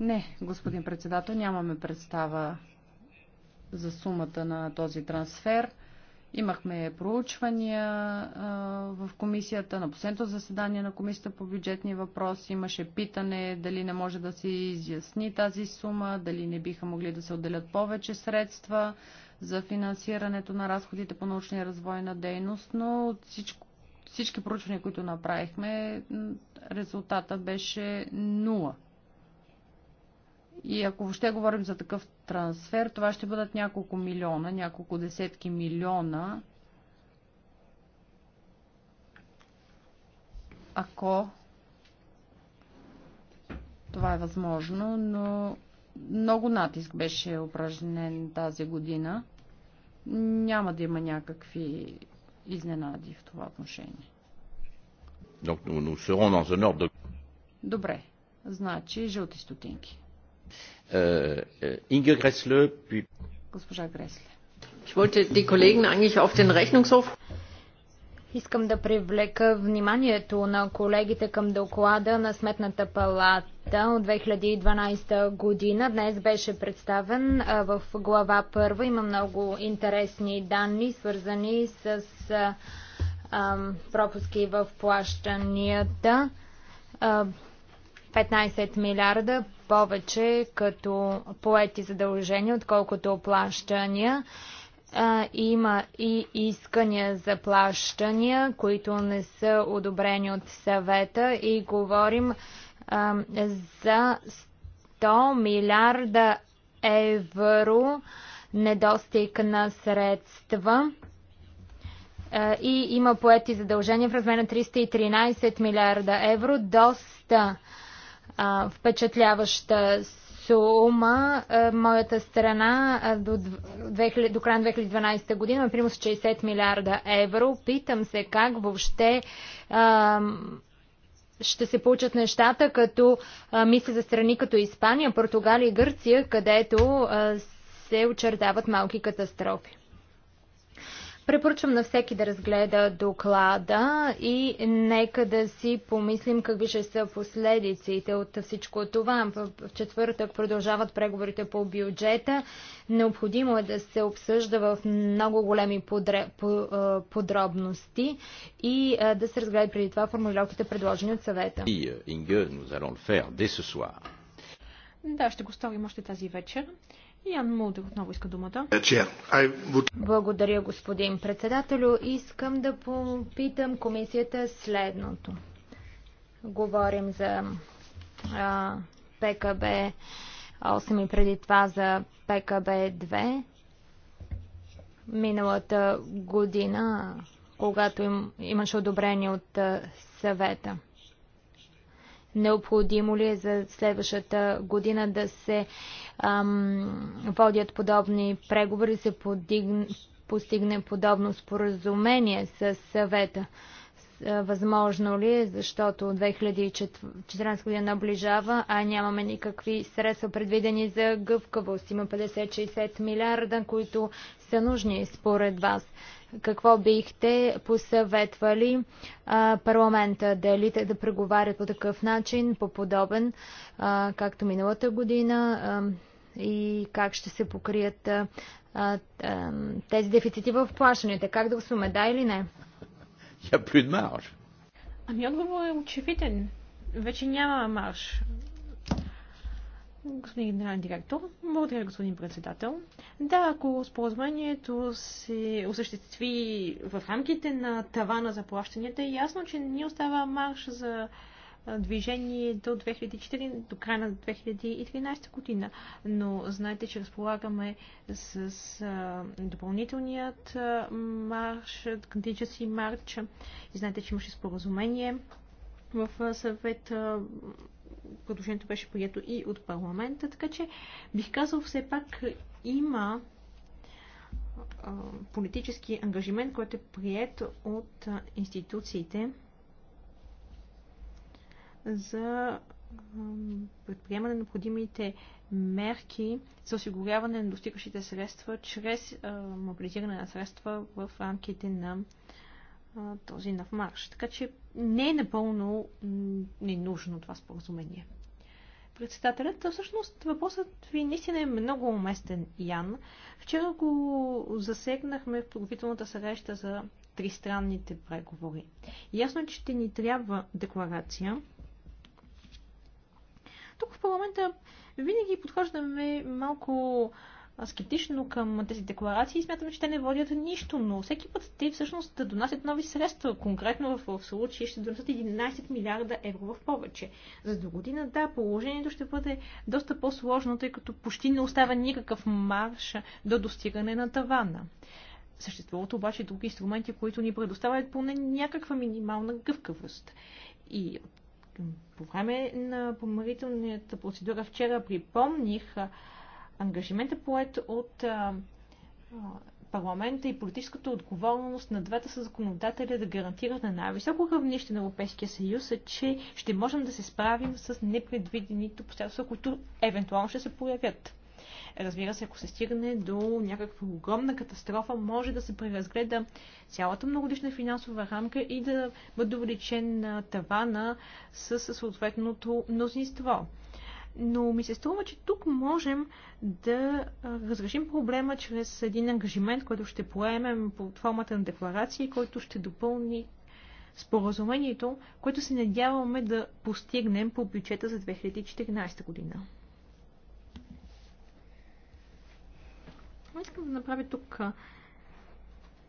Не, господин председател, нямаме представа за сумата на този трансфер. Имахме проучвания а, в комисията. На последното заседание на комисията по бюджетни въпроси имаше питане дали не може да се изясни тази сума, дали не биха могли да се отделят повече средства за финансирането на разходите по научния развой на дейност, но от всичко, всички проучвания, които направихме, резултата беше нула. И ако въобще говорим за такъв трансфер, това ще бъдат няколко милиона, няколко десетки милиона, ако това е възможно, но много натиск беше упражнен тази година. Няма да има някакви изненади в това отношение. Добре, значи жълти стотинки. Äh, äh, Госпожа Гресле. Ich wollte die Kollegen eigentlich auf den Rechnungshof. Искам да привлека вниманието на колегите към доклада на Сметната палата от 2012 година. Днес беше представен в глава първа. Има много интересни данни, свързани с пропуски в плащанията. 15 милиарда повече като поети задължения, отколкото оплащания. Има и искания за плащания, които не са одобрени от съвета и говорим за 100 милиарда евро недостиг на средства и има поети задължения в размер на 313 милиарда евро. Доста а, впечатляваща сума. А, моята страна а, до, 2000, до края на 2012 година е примерно с 60 милиарда евро. Питам се как въобще а, ще се получат нещата, като а, мисля за страни като Испания, Португалия и Гърция, където а, се очертават малки катастрофи. Препоръчвам на всеки да разгледа доклада и нека да си помислим какви ще са последиците от всичко това. В четвъртък продължават преговорите по бюджета. Необходимо е да се обсъжда в много големи подробности и да се разгледа преди това формулировките, предложени от съвета. Да, ще го ставим още тази вечер. Ян Мулдер отново иска думата. Е, Благодаря, господин председателю. Искам да попитам комисията следното. Говорим за а, ПКБ 8 и преди това за ПКБ 2. Миналата година, когато им, имаше одобрение от а, съвета. Необходимо ли е за следващата година да се ам, водят подобни преговори, се подигне, постигне подобно споразумение с съвета? Възможно ли е, защото 2014 година наближава, а нямаме никакви средства предвидени за гъвкавост. Има 50-60 милиарда, които са нужни според вас. Какво бихте посъветвали а, парламента? Дали те да преговарят по такъв начин, по подобен, а, както миналата година? А, и как ще се покрият а, а, тези дефицити в плащанията? Как да сме, да или не? Я плюд марш. Ами отговор е очевиден. Вече няма марш. Господин генерален директор, благодаря, господин председател. Да, ако споразумението се осъществи в рамките на тавана за плащанията, е ясно, че ни остава марш за движение до, 2004, до края на 2013 година. Но знаете, че разполагаме с, а, допълнителният а, марш, contingency марш. И знаете, че имаше споразумение в съвет предложението беше прието и от парламента, така че бих казал все пак има политически ангажимент, който е прият от институциите за предприемане на необходимите мерки за осигуряване на достигащите средства чрез мобилизиране на средства в рамките на този навмарш. Така че не е напълно ненужно това споразумение. Председателят, всъщност въпросът ви наистина е много уместен, Ян. Вчера го засегнахме в подготвителната среща за тристранните преговори. Ясно е, че ще ни трябва декларация. Тук в парламента винаги подхождаме малко скептично към тези декларации и смятам, че те не водят нищо, но всеки път те всъщност да донасят нови средства. Конкретно в, в случай ще донесат 11 милиарда евро в повече. За до година, да, положението ще бъде доста по-сложно, тъй като почти не остава никакъв марш до достигане на тавана. Съществуват обаче други инструменти, които ни предоставят поне някаква минимална гъвкавост. И по време на помирителната процедура вчера припомних ангажимента поет от а, парламента и политическата отговорност на двата са законодателя да гарантират на най-високо равнище на Европейския съюз е, че ще можем да се справим с непредвидените обстоятелства, които евентуално ще се появят. Разбира се, ако се стигне до някаква огромна катастрофа, може да се преразгледа цялата многодишна финансова рамка и да бъде увеличен тавана с съответното мнозинство но ми се струва, че тук можем да разрешим проблема чрез един ангажимент, който ще поемем под формата на декларации, който ще допълни споразумението, което се надяваме да постигнем по бюджета за 2014 година. Искам да направя тук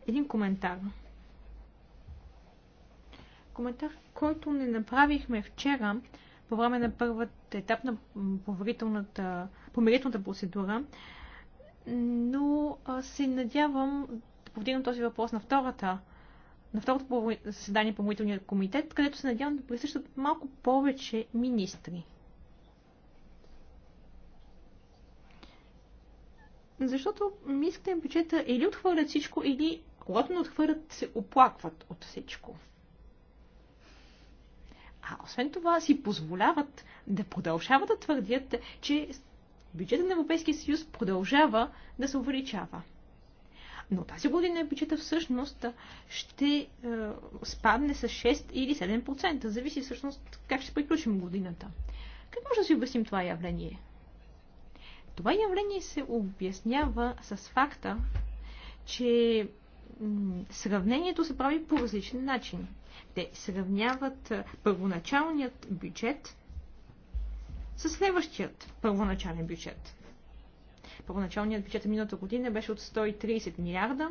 един коментар. Коментар, който не направихме вчера, по време на първата етап на поверителната, помирителната процедура, но се надявам да повдигна този въпрос на втората на второто заседание по моителния комитет, където се надявам да присъщат малко повече министри. Защото министрите на бюджета или отхвърлят всичко, или когато не отхвърлят, се оплакват от всичко. А освен това си позволяват да продължават да твърдят, че бюджетът на Европейския съюз продължава да се увеличава. Но тази година бюджета всъщност ще е, спадне с 6 или 7%. Зависи всъщност как ще приключим годината. Как може да си обясним това явление? Това явление се обяснява с факта, че сравнението се прави по различен начин. Те сравняват първоначалният бюджет с следващият първоначален бюджет. Първоначалният бюджет миналата година беше от 130 милиарда.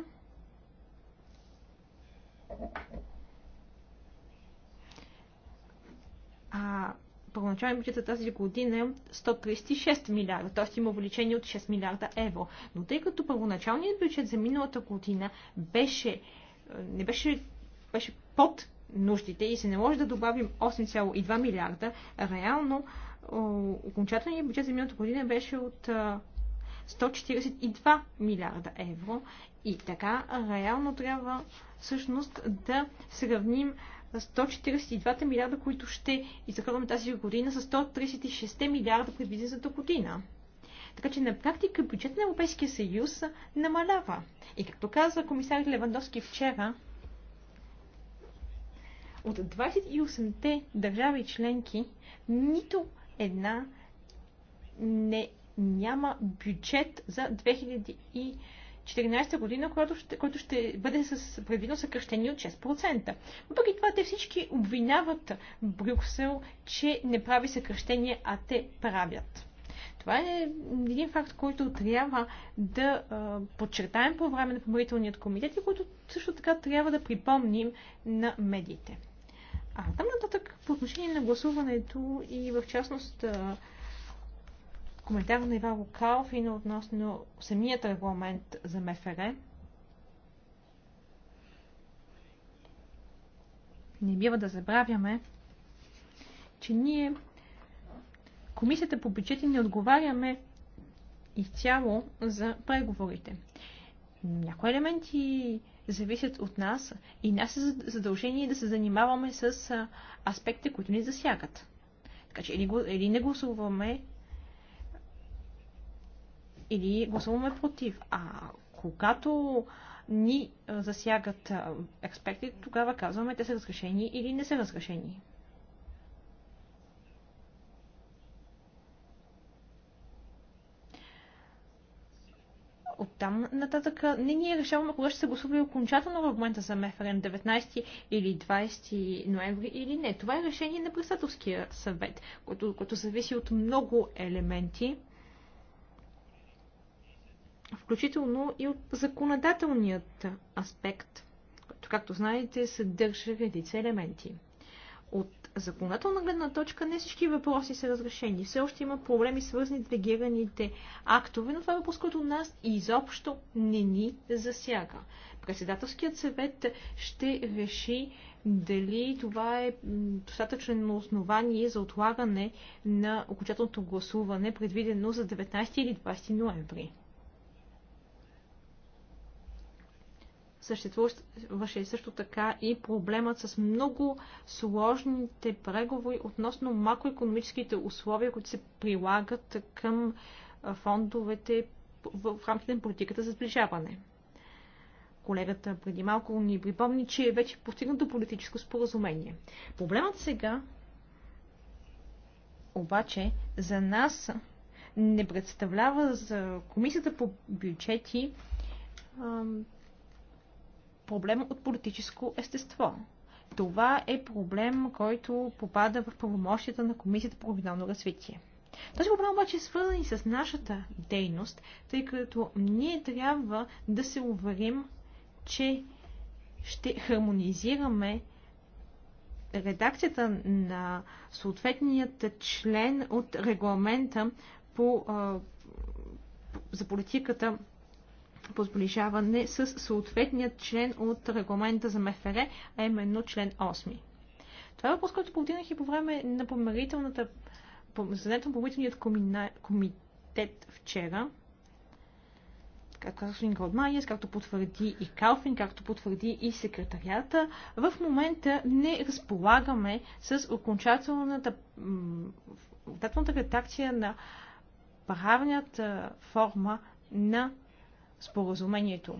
А първоначален бюджет за тази година 136 е милиарда, т.е. има увеличение от 6 милиарда евро. Но тъй като първоначалният бюджет за миналата година беше, не беше, беше под нуждите и се не може да добавим 8,2 милиарда, реално окончателният бюджет за миналата година беше от 142 милиарда евро. И така реално трябва всъщност да сравним 142 милиарда, които ще изразходваме тази година, са 136 милиарда предвидени за до година. Така че на практика бюджет на Европейския съюз намалява. И както каза комисар Левандовски вчера, от 28-те държави членки нито една не няма бюджет за 2014 година, който ще, който ще бъде с предвидно съкръщение от 6%. Въпреки това, те всички обвиняват Брюксел, че не прави съкръщение, а те правят. Това е един факт, който трябва да а, подчертаем по време на помирителният комитет и който също така трябва да припомним на медиите. А там нататък по отношение на гласуването и в частност а, коментар на и на относно самият регламент за МФР. Не бива да забравяме, че ние, Комисията по бюджети, не отговаряме изцяло за преговорите. Някои елементи зависят от нас и нас е задължение да се занимаваме с аспекти, които ни засягат. Така че или, го, или не гласуваме, или гласуваме против. А когато ни засягат експерти, тогава казваме те са разрешени или не са разрешени. оттам нататък не ние решаваме кога ще се гласува окончателно в момента за МФРН 19 или 20 ноември или не. Това е решение на председателския съвет, което, което зависи от много елементи включително и от законодателният аспект, който, както знаете, съдържа редица елементи. От законодателна гледна точка не всички въпроси са разрешени. Все още има проблеми свързани с делегираните актове, но това е въпрос, който нас изобщо не ни засяга. Председателският съвет ще реши дали това е достатъчно основание за отлагане на окончателното гласуване, предвидено за 19 или 20 ноември. съществуваше също така и проблемът с много сложните преговори относно макроекономическите условия, които се прилагат към фондовете в рамките на политиката за сближаване. Колегата преди малко ни припомни, че е вече постигнато политическо споразумение. Проблемът сега обаче за нас не представлява за комисията по бюджети проблем от политическо естество. Това е проблем, който попада в правомощията на Комисията по регионално развитие. Този проблем обаче е свързан и с нашата дейност, тъй като ние трябва да се уверим, че ще хармонизираме редакцията на съответният член от регламента по, а, за политиката по сближаване с съответният член от регламента за МФР, а именно член 8. Това е въпрос, който повдигнах и по време на помирителната заседанието на помирителният комитет вчера. Както казах господин Голдмайерс, както потвърди и Калфин, както потвърди и секретарията, в момента не разполагаме с окончателната, окончателната редакция на правната форма на споразумението.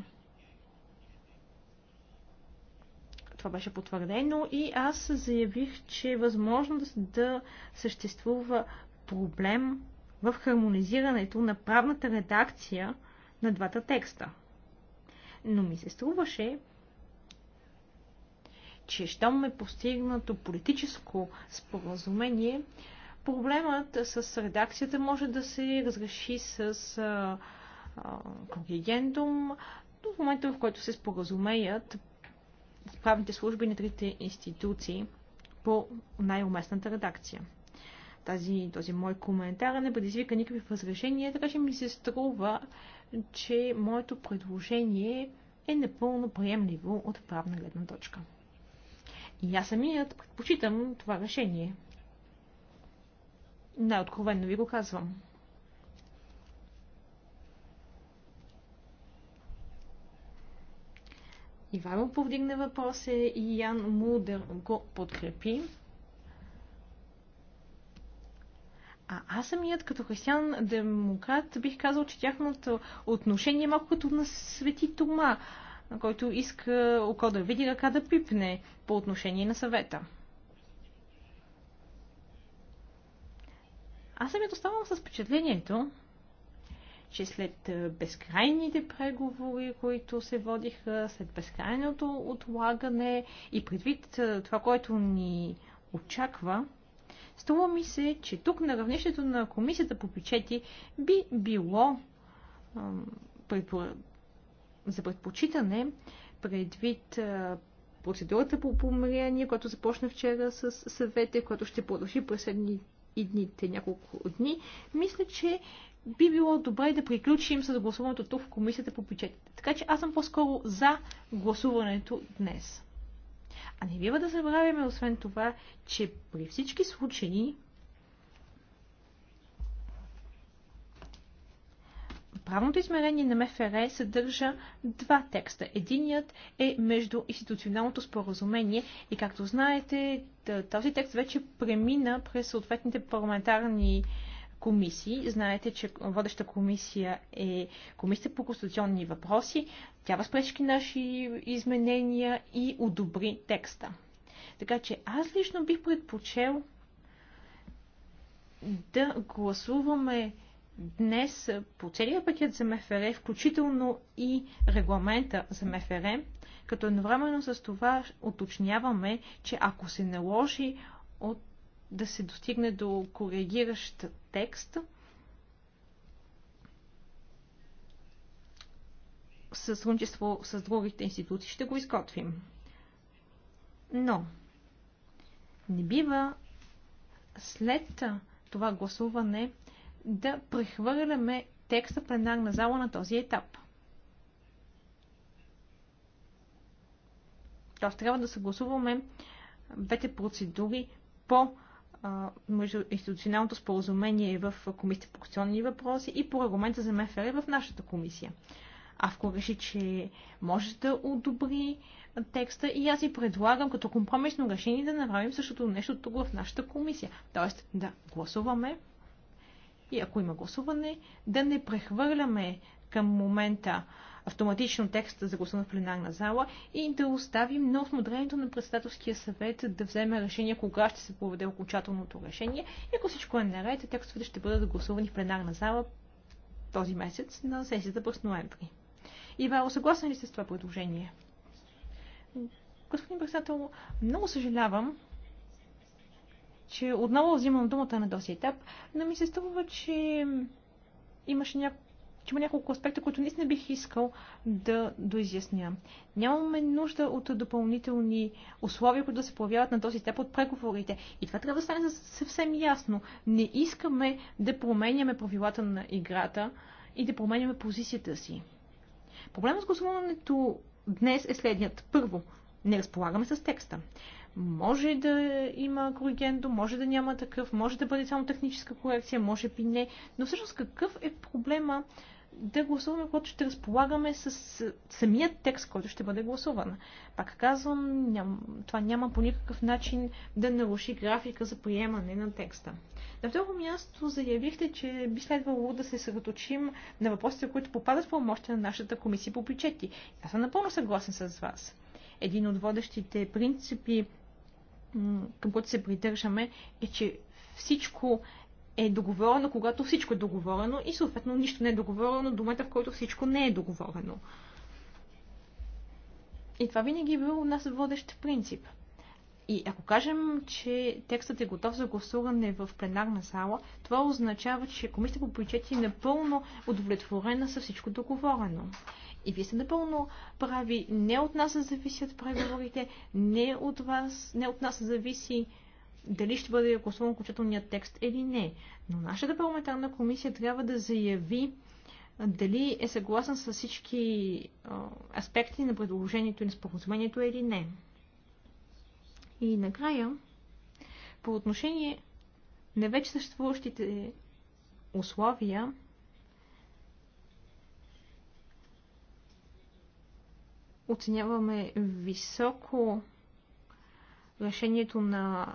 Това беше потвърдено и аз заявих, че е възможно да съществува проблем в хармонизирането на правната редакция на двата текста. Но ми се струваше, че щом е постигнато политическо споразумение, проблемът с редакцията може да се разреши с контингентум до момента, в който се споразумеят правните служби на трите институции по най-уместната редакция. Тази, този мой коментар не предизвика никакви възражения, така че ми се струва, че моето предложение е напълно приемливо от правна гледна точка. И аз самият предпочитам това решение. Най-откровенно ви го казвам. Ивайло повдигне въпроса и Ян Мудър го подкрепи. А аз самият като християн демократ бих казал, че тяхното отношение е малко като на свети Тома, който иска око да види ръка да пипне по отношение на съвета. Аз самият оставам с впечатлението, че след безкрайните преговори, които се водиха, след безкрайното отлагане и предвид това, което ни очаква, струва ми се, че тук на равнището на комисията по бюджети би било за предпочитане предвид процедурата по помирение, която започна вчера с съвета, която ще продължи през следните дните, няколко дни, мисля, че би било добре да приключим с гласуването тук в комисията по бюджетите. Така че аз съм по-скоро за гласуването днес. А не бива да забравяме, освен това, че при всички случаи правното измерение на МФР съдържа два текста. Единият е между институционалното споразумение и както знаете, този текст вече премина през съответните парламентарни комисии. Знаете, че водеща комисия е комисията по конституционни въпроси. Тя възпречки наши изменения и одобри текста. Така че аз лично бих предпочел да гласуваме днес по целия пакет за МФР, включително и регламента за МФР, като едновременно с това уточняваме, че ако се наложи от да се достигне до коригиращ текст, сътрудничество с другите институции ще го изготвим. Но не бива след това гласуване да прехвърляме текста пленарна зала на този етап. Тоест трябва да съгласуваме двете процедури по между институционалното споразумение в Комисията по конституционни въпроси и по регламента за МФР в нашата комисия. Авко реши, че може да одобри текста и аз ви предлагам като компромисно решение да направим същото нещо тук в нашата комисия. Тоест да гласуваме и ако има гласуване, да не прехвърляме към момента автоматично текста за гласуване в пленарна зала и да оставим на осмотрението на председателския съвет да вземе решение кога ще се проведе окончателното решение. И ако всичко е наред, текстовете ще бъдат гласувани в пленарна зала този месец на сесията през ноември. Ивайло, съгласен ли сте с това предложение? Господин председател, много съжалявам, че отново взимам думата на този етап, но ми се струва, че имаше няколко че има няколко аспекта, които наистина бих искал да доизясня. Нямаме нужда от допълнителни условия, които да се появяват на този етап от преговорите. И това трябва да стане съвсем ясно. Не искаме да променяме правилата на играта и да променяме позицията си. Проблемът с гласуването днес е следният. Първо, не разполагаме с текста. Може да има коригендо, може да няма такъв, може да бъде само техническа корекция, може би не. Но всъщност какъв е проблема да гласуваме, когато ще разполагаме с самият текст, който ще бъде гласуван. Пак казвам, ням, това няма по никакъв начин да наруши графика за приемане на текста. На второ място заявихте, че би следвало да се съсредоточим на въпросите, които попадат в помощта на нашата комисия по бюджети. Аз съм напълно съгласен с вас. Един от водещите принципи към което се придържаме, е, че всичко е договорено, когато всичко е договорено и съответно нищо не е договорено до момента, в който всичко не е договорено. И това винаги е бил у нас водещ принцип. И ако кажем, че текстът е готов за гласуване в пленарна зала, това означава, че комисията по бюджет е напълно удовлетворена с всичко договорено. И вие сте напълно прави. Не от нас зависят преговорите, не от вас, не от нас зависи дали ще бъде гласуван окончателният текст или не. Но нашата парламентарна комисия трябва да заяви дали е съгласен с всички аспекти на предложението и на споразумението или не. И накрая, по отношение на вече съществуващите условия, оценяваме високо решението на,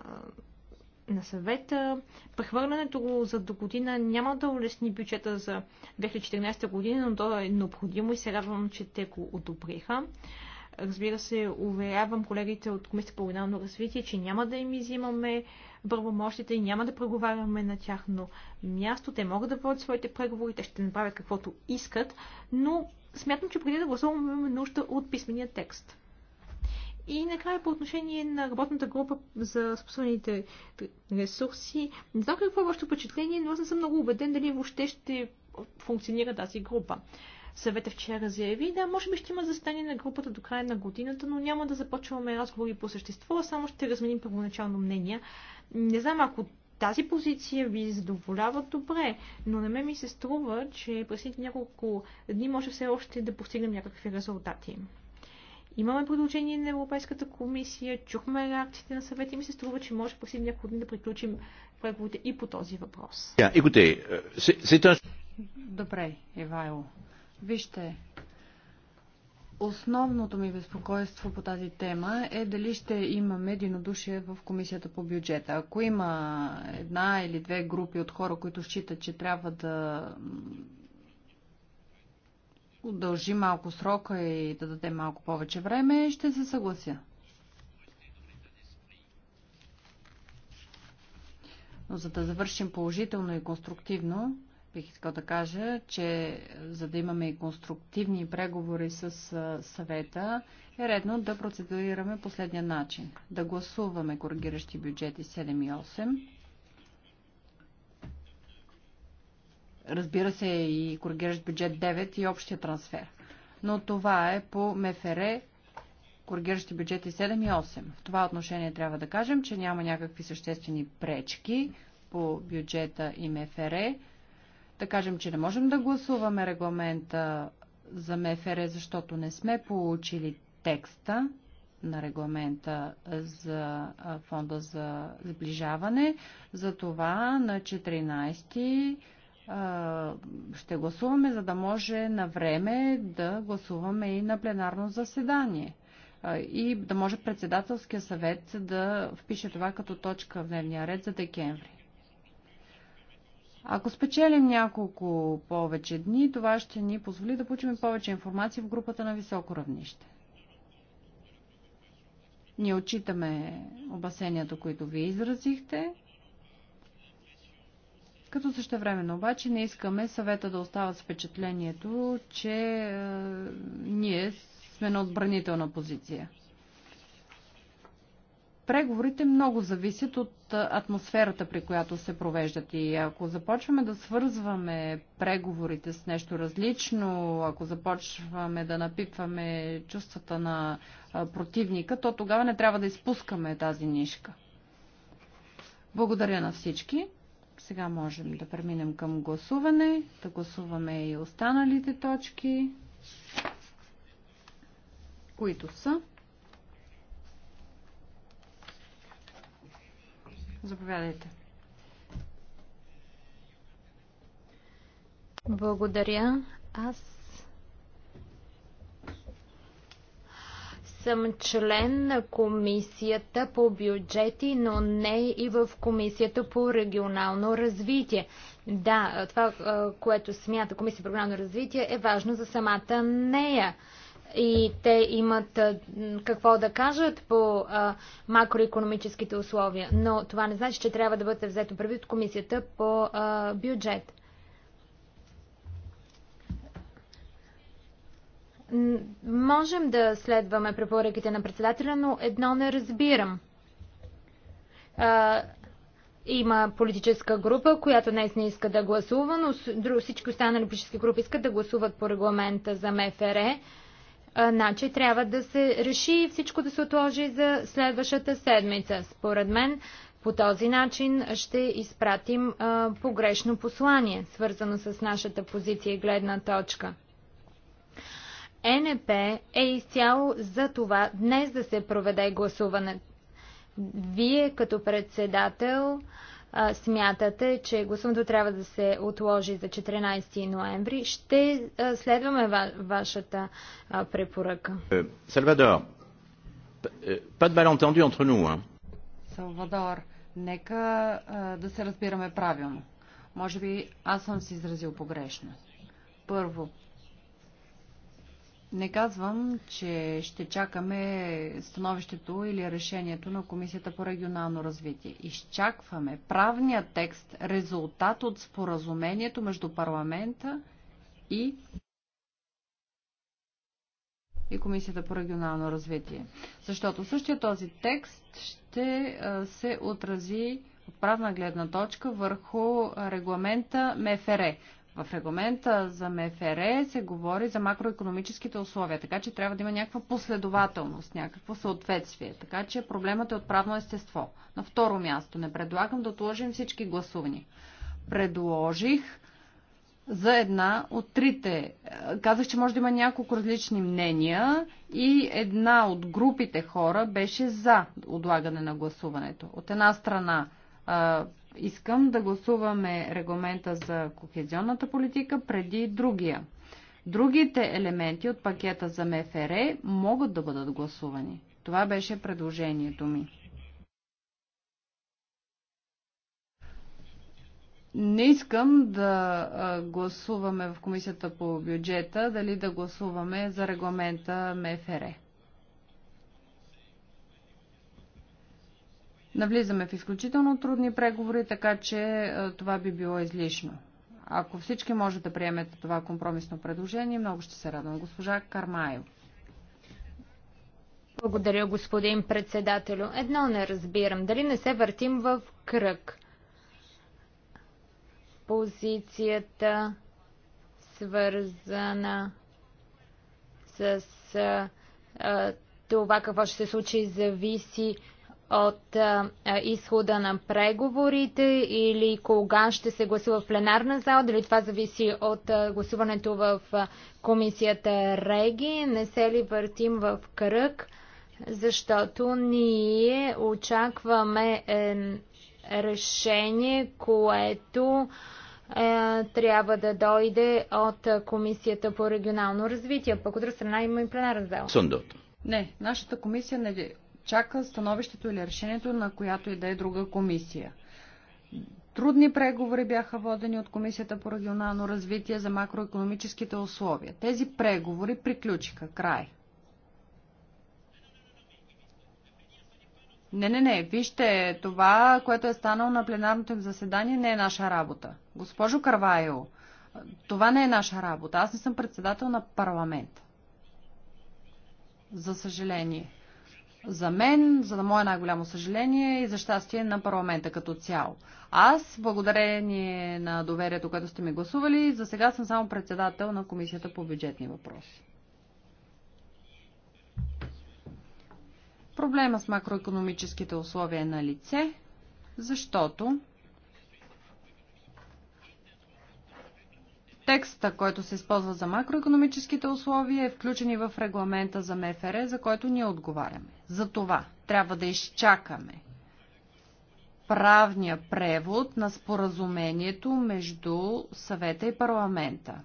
на съвета. Прехвърлянето го за до година няма да улесни бюджета за 2014 година, но то е необходимо и се радвам, че те го одобриха. Разбира се, уверявам колегите от Комисията по регионално развитие, че няма да им изимаме правомощите и няма да преговаряме на тяхно място. Те могат да водят своите преговори, те ще направят каквото искат, но смятам, че преди да гласуваме имаме нужда от писмения текст. И накрая по отношение на работната група за способните ресурси, не знам какво е вашето впечатление, но аз не съм много убеден дали въобще ще функционира тази група съвета вчера заяви, да, може би ще има застане на групата до края на годината, но няма да започваме разговори по същество, а само ще разменим първоначално мнение. Не знам, ако тази позиция ви задоволява добре, но на мен ми се струва, че през няколко дни може все още да постигнем някакви резултати. Имаме предложение на Европейската комисия, чухме реакциите на съвет и ми се струва, че може през няколко дни да приключим преговорите и по този въпрос. Euh, добре, Ивайло. Вижте, основното ми безпокойство по тази тема е дали ще имаме единодушие в комисията по бюджета. Ако има една или две групи от хора, които считат, че трябва да удължи малко срока и да даде малко повече време, ще се съглася. Но за да завършим положително и конструктивно, бих искал да кажа, че е, за да имаме и конструктивни преговори с е, съвета, е редно да процедурираме последния начин. Да гласуваме коригиращи бюджети 7 и 8. Разбира се и коригиращ бюджет 9 и общия трансфер. Но това е по МФР коригиращи бюджети 7 и 8. В това отношение трябва да кажем, че няма някакви съществени пречки по бюджета и МФР да кажем, че не можем да гласуваме регламента за МФР, защото не сме получили текста на регламента за фонда за сближаване. Затова на 14 ще гласуваме, за да може на време да гласуваме и на пленарно заседание. И да може председателския съвет да впише това като точка в дневния ред за декември. Ако спечелим няколко повече дни, това ще ни позволи да получим повече информация в групата на високо равнище. Ние отчитаме обасенията, които вие изразихте, като същевременно обаче не искаме съвета да остава с впечатлението, че е, ние сме на отбранителна позиция преговорите много зависят от атмосферата, при която се провеждат. И ако започваме да свързваме преговорите с нещо различно, ако започваме да напипваме чувствата на противника, то тогава не трябва да изпускаме тази нишка. Благодаря на всички. Сега можем да преминем към гласуване, да гласуваме и останалите точки, които са. Заповядайте. Благодаря. Аз съм член на комисията по бюджети, но не и в комисията по регионално развитие. Да, това, което смята комисия по регионално развитие е важно за самата нея и те имат какво да кажат по макроекономическите условия. Но това не значи, че трябва да бъде взето преди от комисията по бюджет. Можем да следваме препоръките на председателя, но едно не разбирам. Има политическа група, която днес не иска да гласува, но всички останали политически групи искат да гласуват по регламента за МФР. Значи трябва да се реши и всичко да се отложи за следващата седмица. Според мен по този начин ще изпратим а, погрешно послание, свързано с нашата позиция и гледна точка. НП е изцяло за това днес да се проведе гласуване. Вие като председател а, смятате, че гласуването трябва да се отложи за 14 ноември, ще следваме ва вашата препоръка. Салвадор, pas de malentendu entre nous, hein? Салвадор, нека да се разбираме правилно. Може би аз съм се изразил погрешно. Първо, не казвам, че ще чакаме становището или решението на Комисията по регионално развитие. Изчакваме правния текст, резултат от споразумението между парламента и и Комисията по регионално развитие. Защото същия този текст ще се отрази от правна гледна точка върху регламента МФР. В регламента за МФР се говори за макроекономическите условия, така че трябва да има някаква последователност, някакво съответствие. Така че проблемът е от правно естество. На второ място не предлагам да отложим всички гласувания. Предложих за една от трите. Казах, че може да има няколко различни мнения и една от групите хора беше за отлагане на гласуването. От една страна искам да гласуваме регламента за кохезионната политика преди другия. Другите елементи от пакета за МФР могат да бъдат гласувани. Това беше предложението ми. Не искам да гласуваме в комисията по бюджета, дали да гласуваме за регламента МФР. Навлизаме в изключително трудни преговори, така че е, това би било излишно. Ако всички може да приемете това компромисно предложение, много ще се радвам. Госпожа Кармаев. Благодаря, господин председателю. Едно не разбирам. Дали не се въртим в кръг? Позицията свързана с а, е, е, това какво ще се случи зависи от а, изхода на преговорите или кога ще се гласува в пленарна зала. Дали това зависи от а, гласуването в а, комисията Реги? Не се ли въртим в кръг? Защото ние очакваме е, решение, което е, трябва да дойде от Комисията по регионално развитие. Пък от друга страна има и пленарна зала. Сундото. Не, нашата комисия не чака становището или решението на която и да е друга комисия. Трудни преговори бяха водени от Комисията по регионално развитие за макроекономическите условия. Тези преговори приключиха. Край. Не, не, не. Вижте, това, което е станало на пленарното им заседание, не е наша работа. Госпожо Карвайо, това не е наша работа. Аз не съм председател на парламент. За съжаление за мен, за мое най-голямо съжаление и за щастие на парламента като цяло. Аз, благодарение на доверието, което сте ми гласували, за сега съм само председател на Комисията по бюджетни въпроси. Проблема с макроекономическите условия е на лице, защото Текста, който се използва за макроекономическите условия, е включен и в регламента за МФР, за който ние отговаряме. За това трябва да изчакаме правния превод на споразумението между съвета и парламента.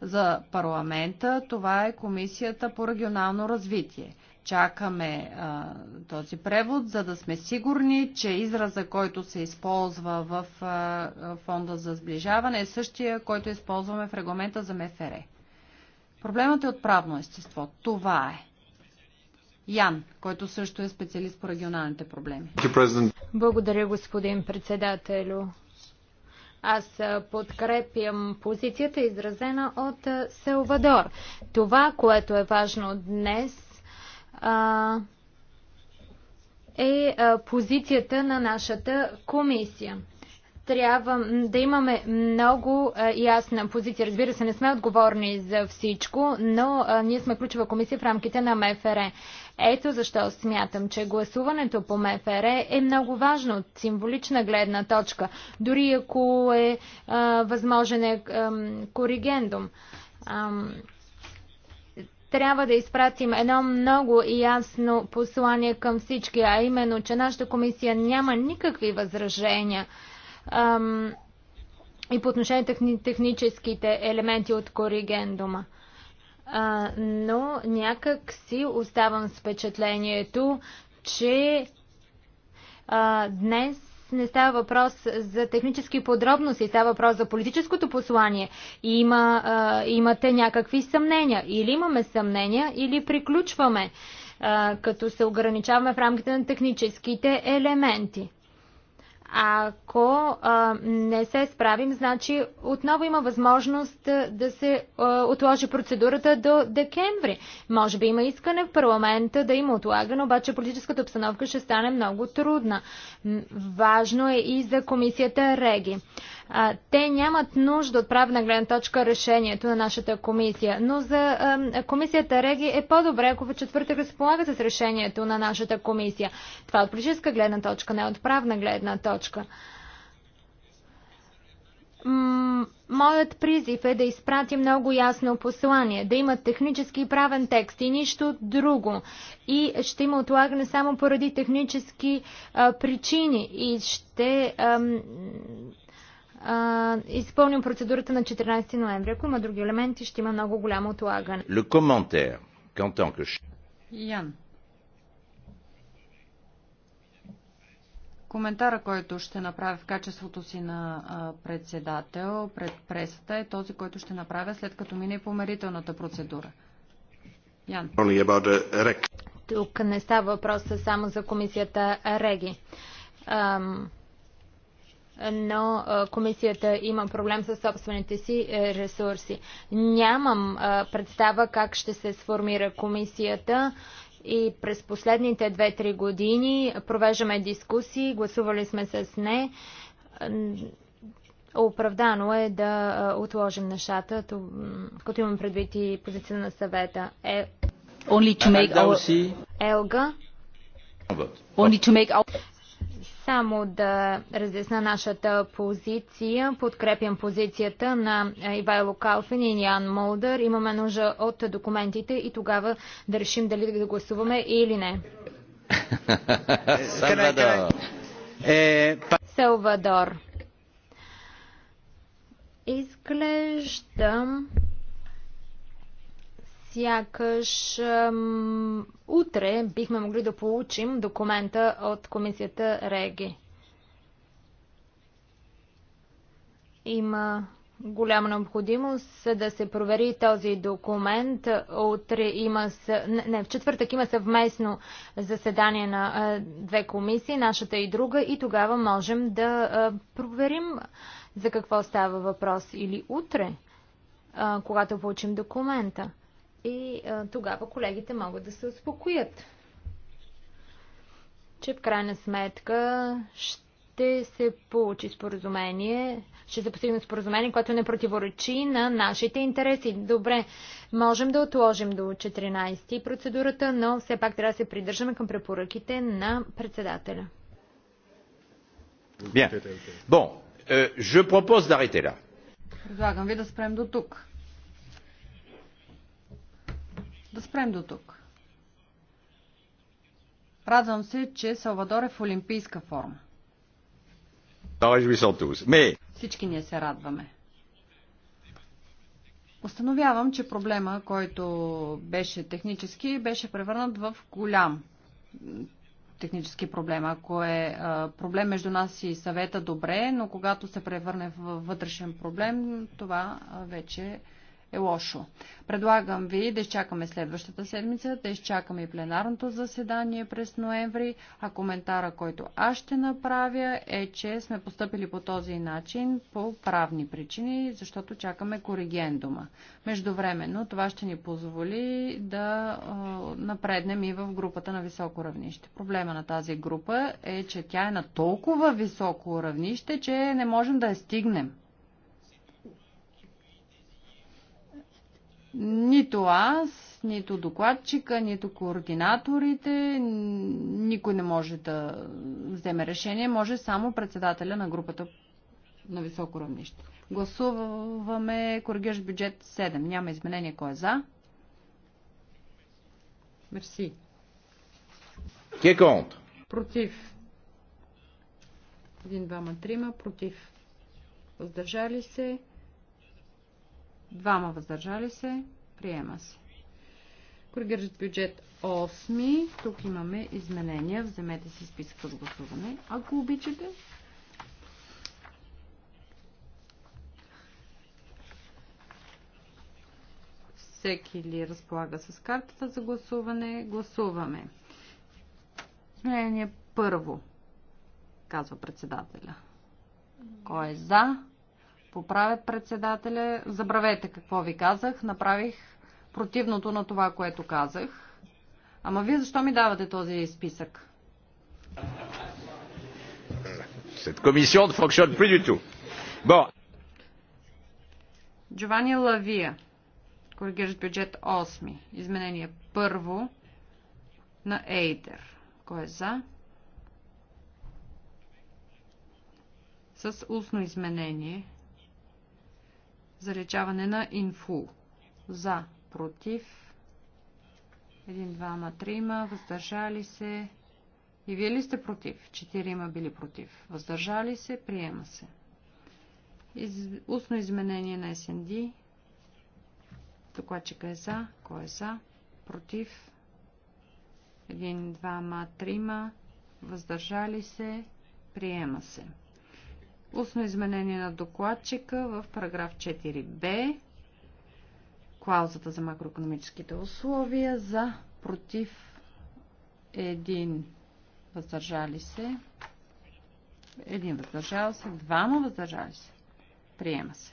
За парламента това е Комисията по регионално развитие чакаме а, този превод, за да сме сигурни, че израза, който се използва в а, фонда за сближаване е същия, който използваме в регламента за МФР. Проблемът е от правно естество. Това е. Ян, който също е специалист по регионалните проблеми. Благодаря, господин председателю. Аз подкрепям позицията, изразена от Селвадор. Това, което е важно днес, а, е а, позицията на нашата комисия. Трябва да имаме много а, ясна позиция. Разбира се, не сме отговорни за всичко, но а, ние сме ключова комисия в рамките на МФР. Ето защо смятам, че гласуването по МФР е много важно от символична гледна точка, дори ако е а, възможен е, а, коригендум. А, трябва да изпратим едно много ясно послание към всички, а именно, че нашата комисия няма никакви възражения ам, и по отношение техни, техническите елементи от коригендума. А, но някак си оставам с впечатлението, че а, днес не става въпрос за технически подробности, става въпрос за политическото послание. И има, а, имате някакви съмнения. Или имаме съмнения, или приключваме, а, като се ограничаваме в рамките на техническите елементи. Ако а, не се справим, значи отново има възможност да се а, отложи процедурата до декември. Може би има искане в парламента да има отлагане, обаче политическата обстановка ще стане много трудна. Важно е и за комисията Реги. А, те нямат нужда от правна гледна точка решението на нашата комисия, но за а, комисията Реги е по-добре, ако в четвъртък разполага с решението на нашата комисия. Това от политическа гледна точка, не е от правна гледна точка точка. Моят призив е да изпрати много ясно послание, да има технически и правен текст и нищо друго. И ще има отлагане само поради технически а, причини и ще а, а, изпълним процедурата на 14 ноември. Ако има други елементи, ще има много голямо отлагане. Ян. Коментара, който ще направя в качеството си на председател пред пресата е този, който ще направя след като мине и померителната процедура. Ян. Тук не става въпрос само за комисията Реги. Но комисията има проблем с собствените си е, ресурси. Нямам представа как ще се сформира комисията и през последните 2-3 години провеждаме дискусии, гласували сме с не. Оправдано е да отложим нещата, като имам предвид и позиция на съвета. Е... Only to make our... Елга. Only to make our... Само да разясна нашата позиция. Подкрепям позицията на Ивайло Калфин и Ян Молдър. Имаме нужда от документите и тогава да решим дали да гласуваме или не. Е, Салвадор. Изглеждам сякаш утре бихме могли да получим документа от комисията Реги. Има голяма необходимост да се провери този документ. Утре има, не, в четвъртък има съвместно заседание на две комисии, нашата и друга, и тогава можем да проверим за какво става въпрос или утре, когато получим документа. И а, тогава колегите могат да се успокоят, че в крайна сметка ще се получи споразумение, ще се постигне споразумение, което не противоречи на нашите интереси. Добре, можем да отложим до 14 процедурата, но все пак трябва да се придържаме към препоръките на председателя. Bien. Bon, euh, je propose d'arrêter là. Предлагам ви да спрем до тук. Да спрем до тук. Радвам се, че Салвадор е в олимпийска форма. Всички ние се радваме. Установявам, че проблема, който беше технически, беше превърнат в голям технически проблем. Ако е проблем между нас и съвета, добре, но когато се превърне в вътрешен проблем, това вече вече е лошо. Предлагам ви да изчакаме следващата седмица, да изчакаме и пленарното заседание през ноември, а коментара, който аз ще направя е, че сме поступили по този начин по правни причини, защото чакаме коригендума. Междувременно това ще ни позволи да напреднем и в групата на високо равнище. Проблема на тази група е, че тя е на толкова високо равнище, че не можем да я стигнем. Нито аз, нито докладчика, нито координаторите, никой не може да вземе решение, може само председателя на групата на високо равнище. Гласуваме коригираш бюджет 7. Няма изменение. Кой е за? Мерси. Ке конт? Против. Един, двама, трима. Против. Въздържали се. Двама въздържали се. Приема се. Коригиращ бюджет 8. Тук имаме изменения. Вземете си списъка с гласуване, ако обичате. Всеки ли разполага с картата за гласуване? Гласуваме. Изменение първо, казва председателя. Кой е за? поправят председателя. Забравете какво ви казах. Направих противното на това, което казах. Ама вие защо ми давате този списък? Cette commission ne fonctionne plus du tout. Bon. Джованни Лавия. Коригиращ бюджет 8. Изменение първо на Ейдер. Кой е за? С устно изменение заличаване на инфу. За, против, 1, двама, трима, въздържали се. И вие ли сте против? Четирима били против. Въздържали се, приема се. Из... Устно изменение на СНД. Докладчика е за. Кой е за? Против. Един, двама, трима. Въздържали се. Приема се. Устно изменение на докладчика в параграф 4б. Клаузата за макроекономическите условия за против един въздържали се. Един въздържал се, двама въздържали се. Приема се.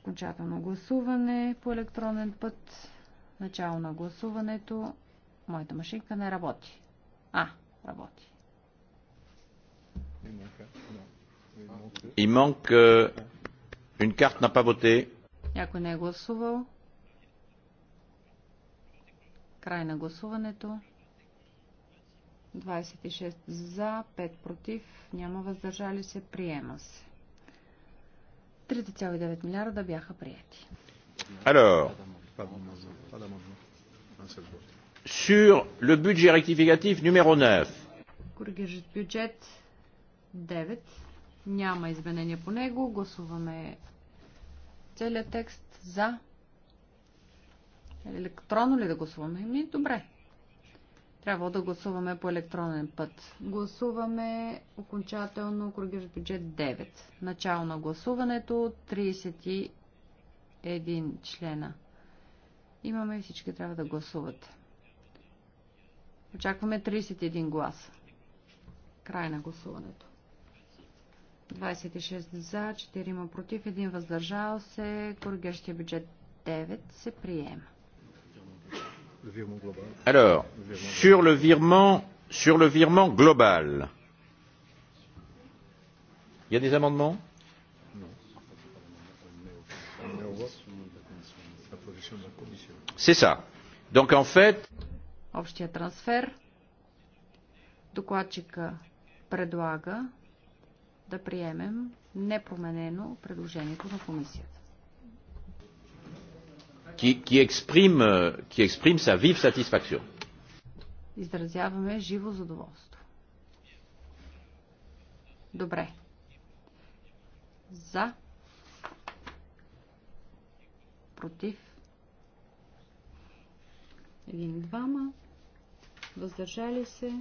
Окончателно гласуване по електронен път. Начало на гласуването. Моята машинка не работи. А, работи. Il manque euh, une carte n'a pas voté. Някой не е гласувал. Край на гласуването. 26 за, 5 против, няма въздържали се, приема се. 3,9 милиарда бяха прияти. Alors, sur le budget rectificatif numéro 9. Коригиращ бюджет 9. Няма изменения по него. Гласуваме целият текст за. Електронно ли да гласуваме? Ми, добре. Трябва да гласуваме по електронен път. Гласуваме окончателно коригираш бюджет 9. Начало на гласуването 31 члена. Имаме и всички трябва да гласуват. Очакваме 31 гласа. Край на гласуването. 26 за, 4 против, 1 въздържал се. Коригиращия бюджет 9 се приема. Alors, sur le virement, sur le virement global, il y a des amendements C'est ça. Donc en fait. Общия трансфер. Докладчика предлага да приемем непроменено предложението на комисията. Qui, qui, exprime, qui exprime sa vive satisfaction. Изразяваме живо задоволство. Добре. За. Против. Един-двама. Въздържали се.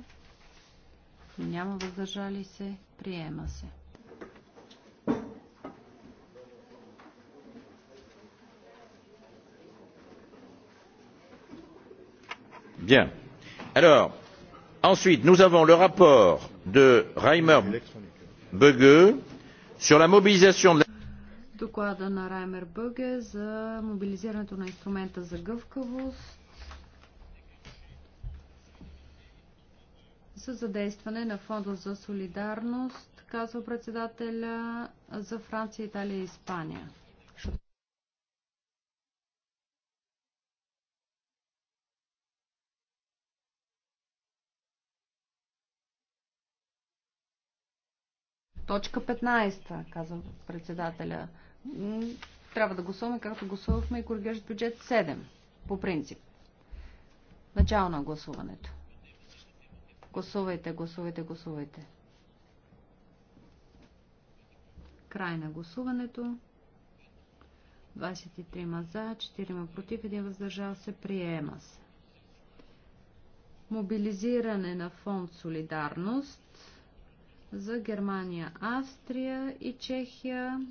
Няма въздържали се. Приема се. ensuite nous avons le rapport de reimer bge sur la mobilisation de доклада на Раймер Бъге за мобилизирането на инструмента за гъвкавост за задействане на фонда за солидарност, казва председателя за Франция, Италия и Испания. Точка 15, казва председателя. Трябва да гласуваме, както гласувахме и коригиращ бюджет 7, по принцип. Начало на гласуването. Гласувайте, гласувайте, гласувайте. Край на гласуването. 23 ма за, 4 ма против, 1 въздържал се, приема се. Мобилизиране на фонд Солидарност за Германия, Австрия и Чехия,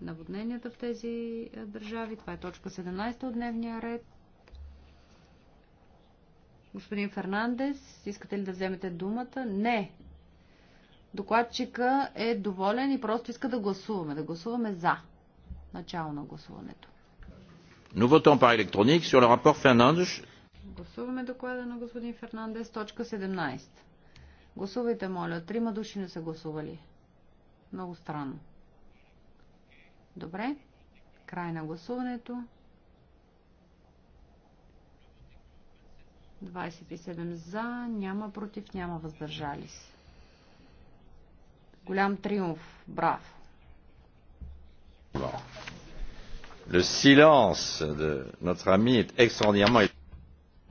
наводненията в тези е, държави. Това е точка 17 от дневния ред. Господин Фернандес, искате ли да вземете думата? Не. Докладчика е доволен и просто иска да гласуваме. Да гласуваме за начало на гласуването. Nous votons par électronique sur le rapport Fernandes. Гласуваме доклада на господин Фернандес, точка 17. Гласувайте, моля. Трима души не са гласували. Много странно. Добре. Край на гласуването. 27 за, няма против, няма въздържали се. Голям триумф. Браво! Le silence de notre ami est extraordinairement...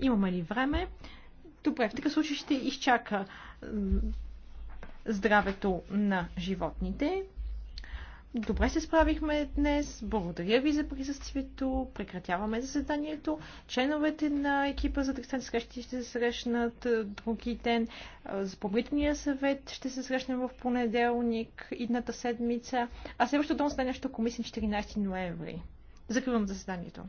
Имаме ли време? Добре, в такъв случай ще изчака здравето на животните. Добре се справихме днес. Благодаря ви за присъствието. Прекратяваме заседанието. Членовете на екипа за тристранни срещи ще се срещнат други ден. За помирителния съвет ще се срещнем в понеделник, идната седмица. А следващото дом стане нещо комисия 14 ноември. Закривам заседанието.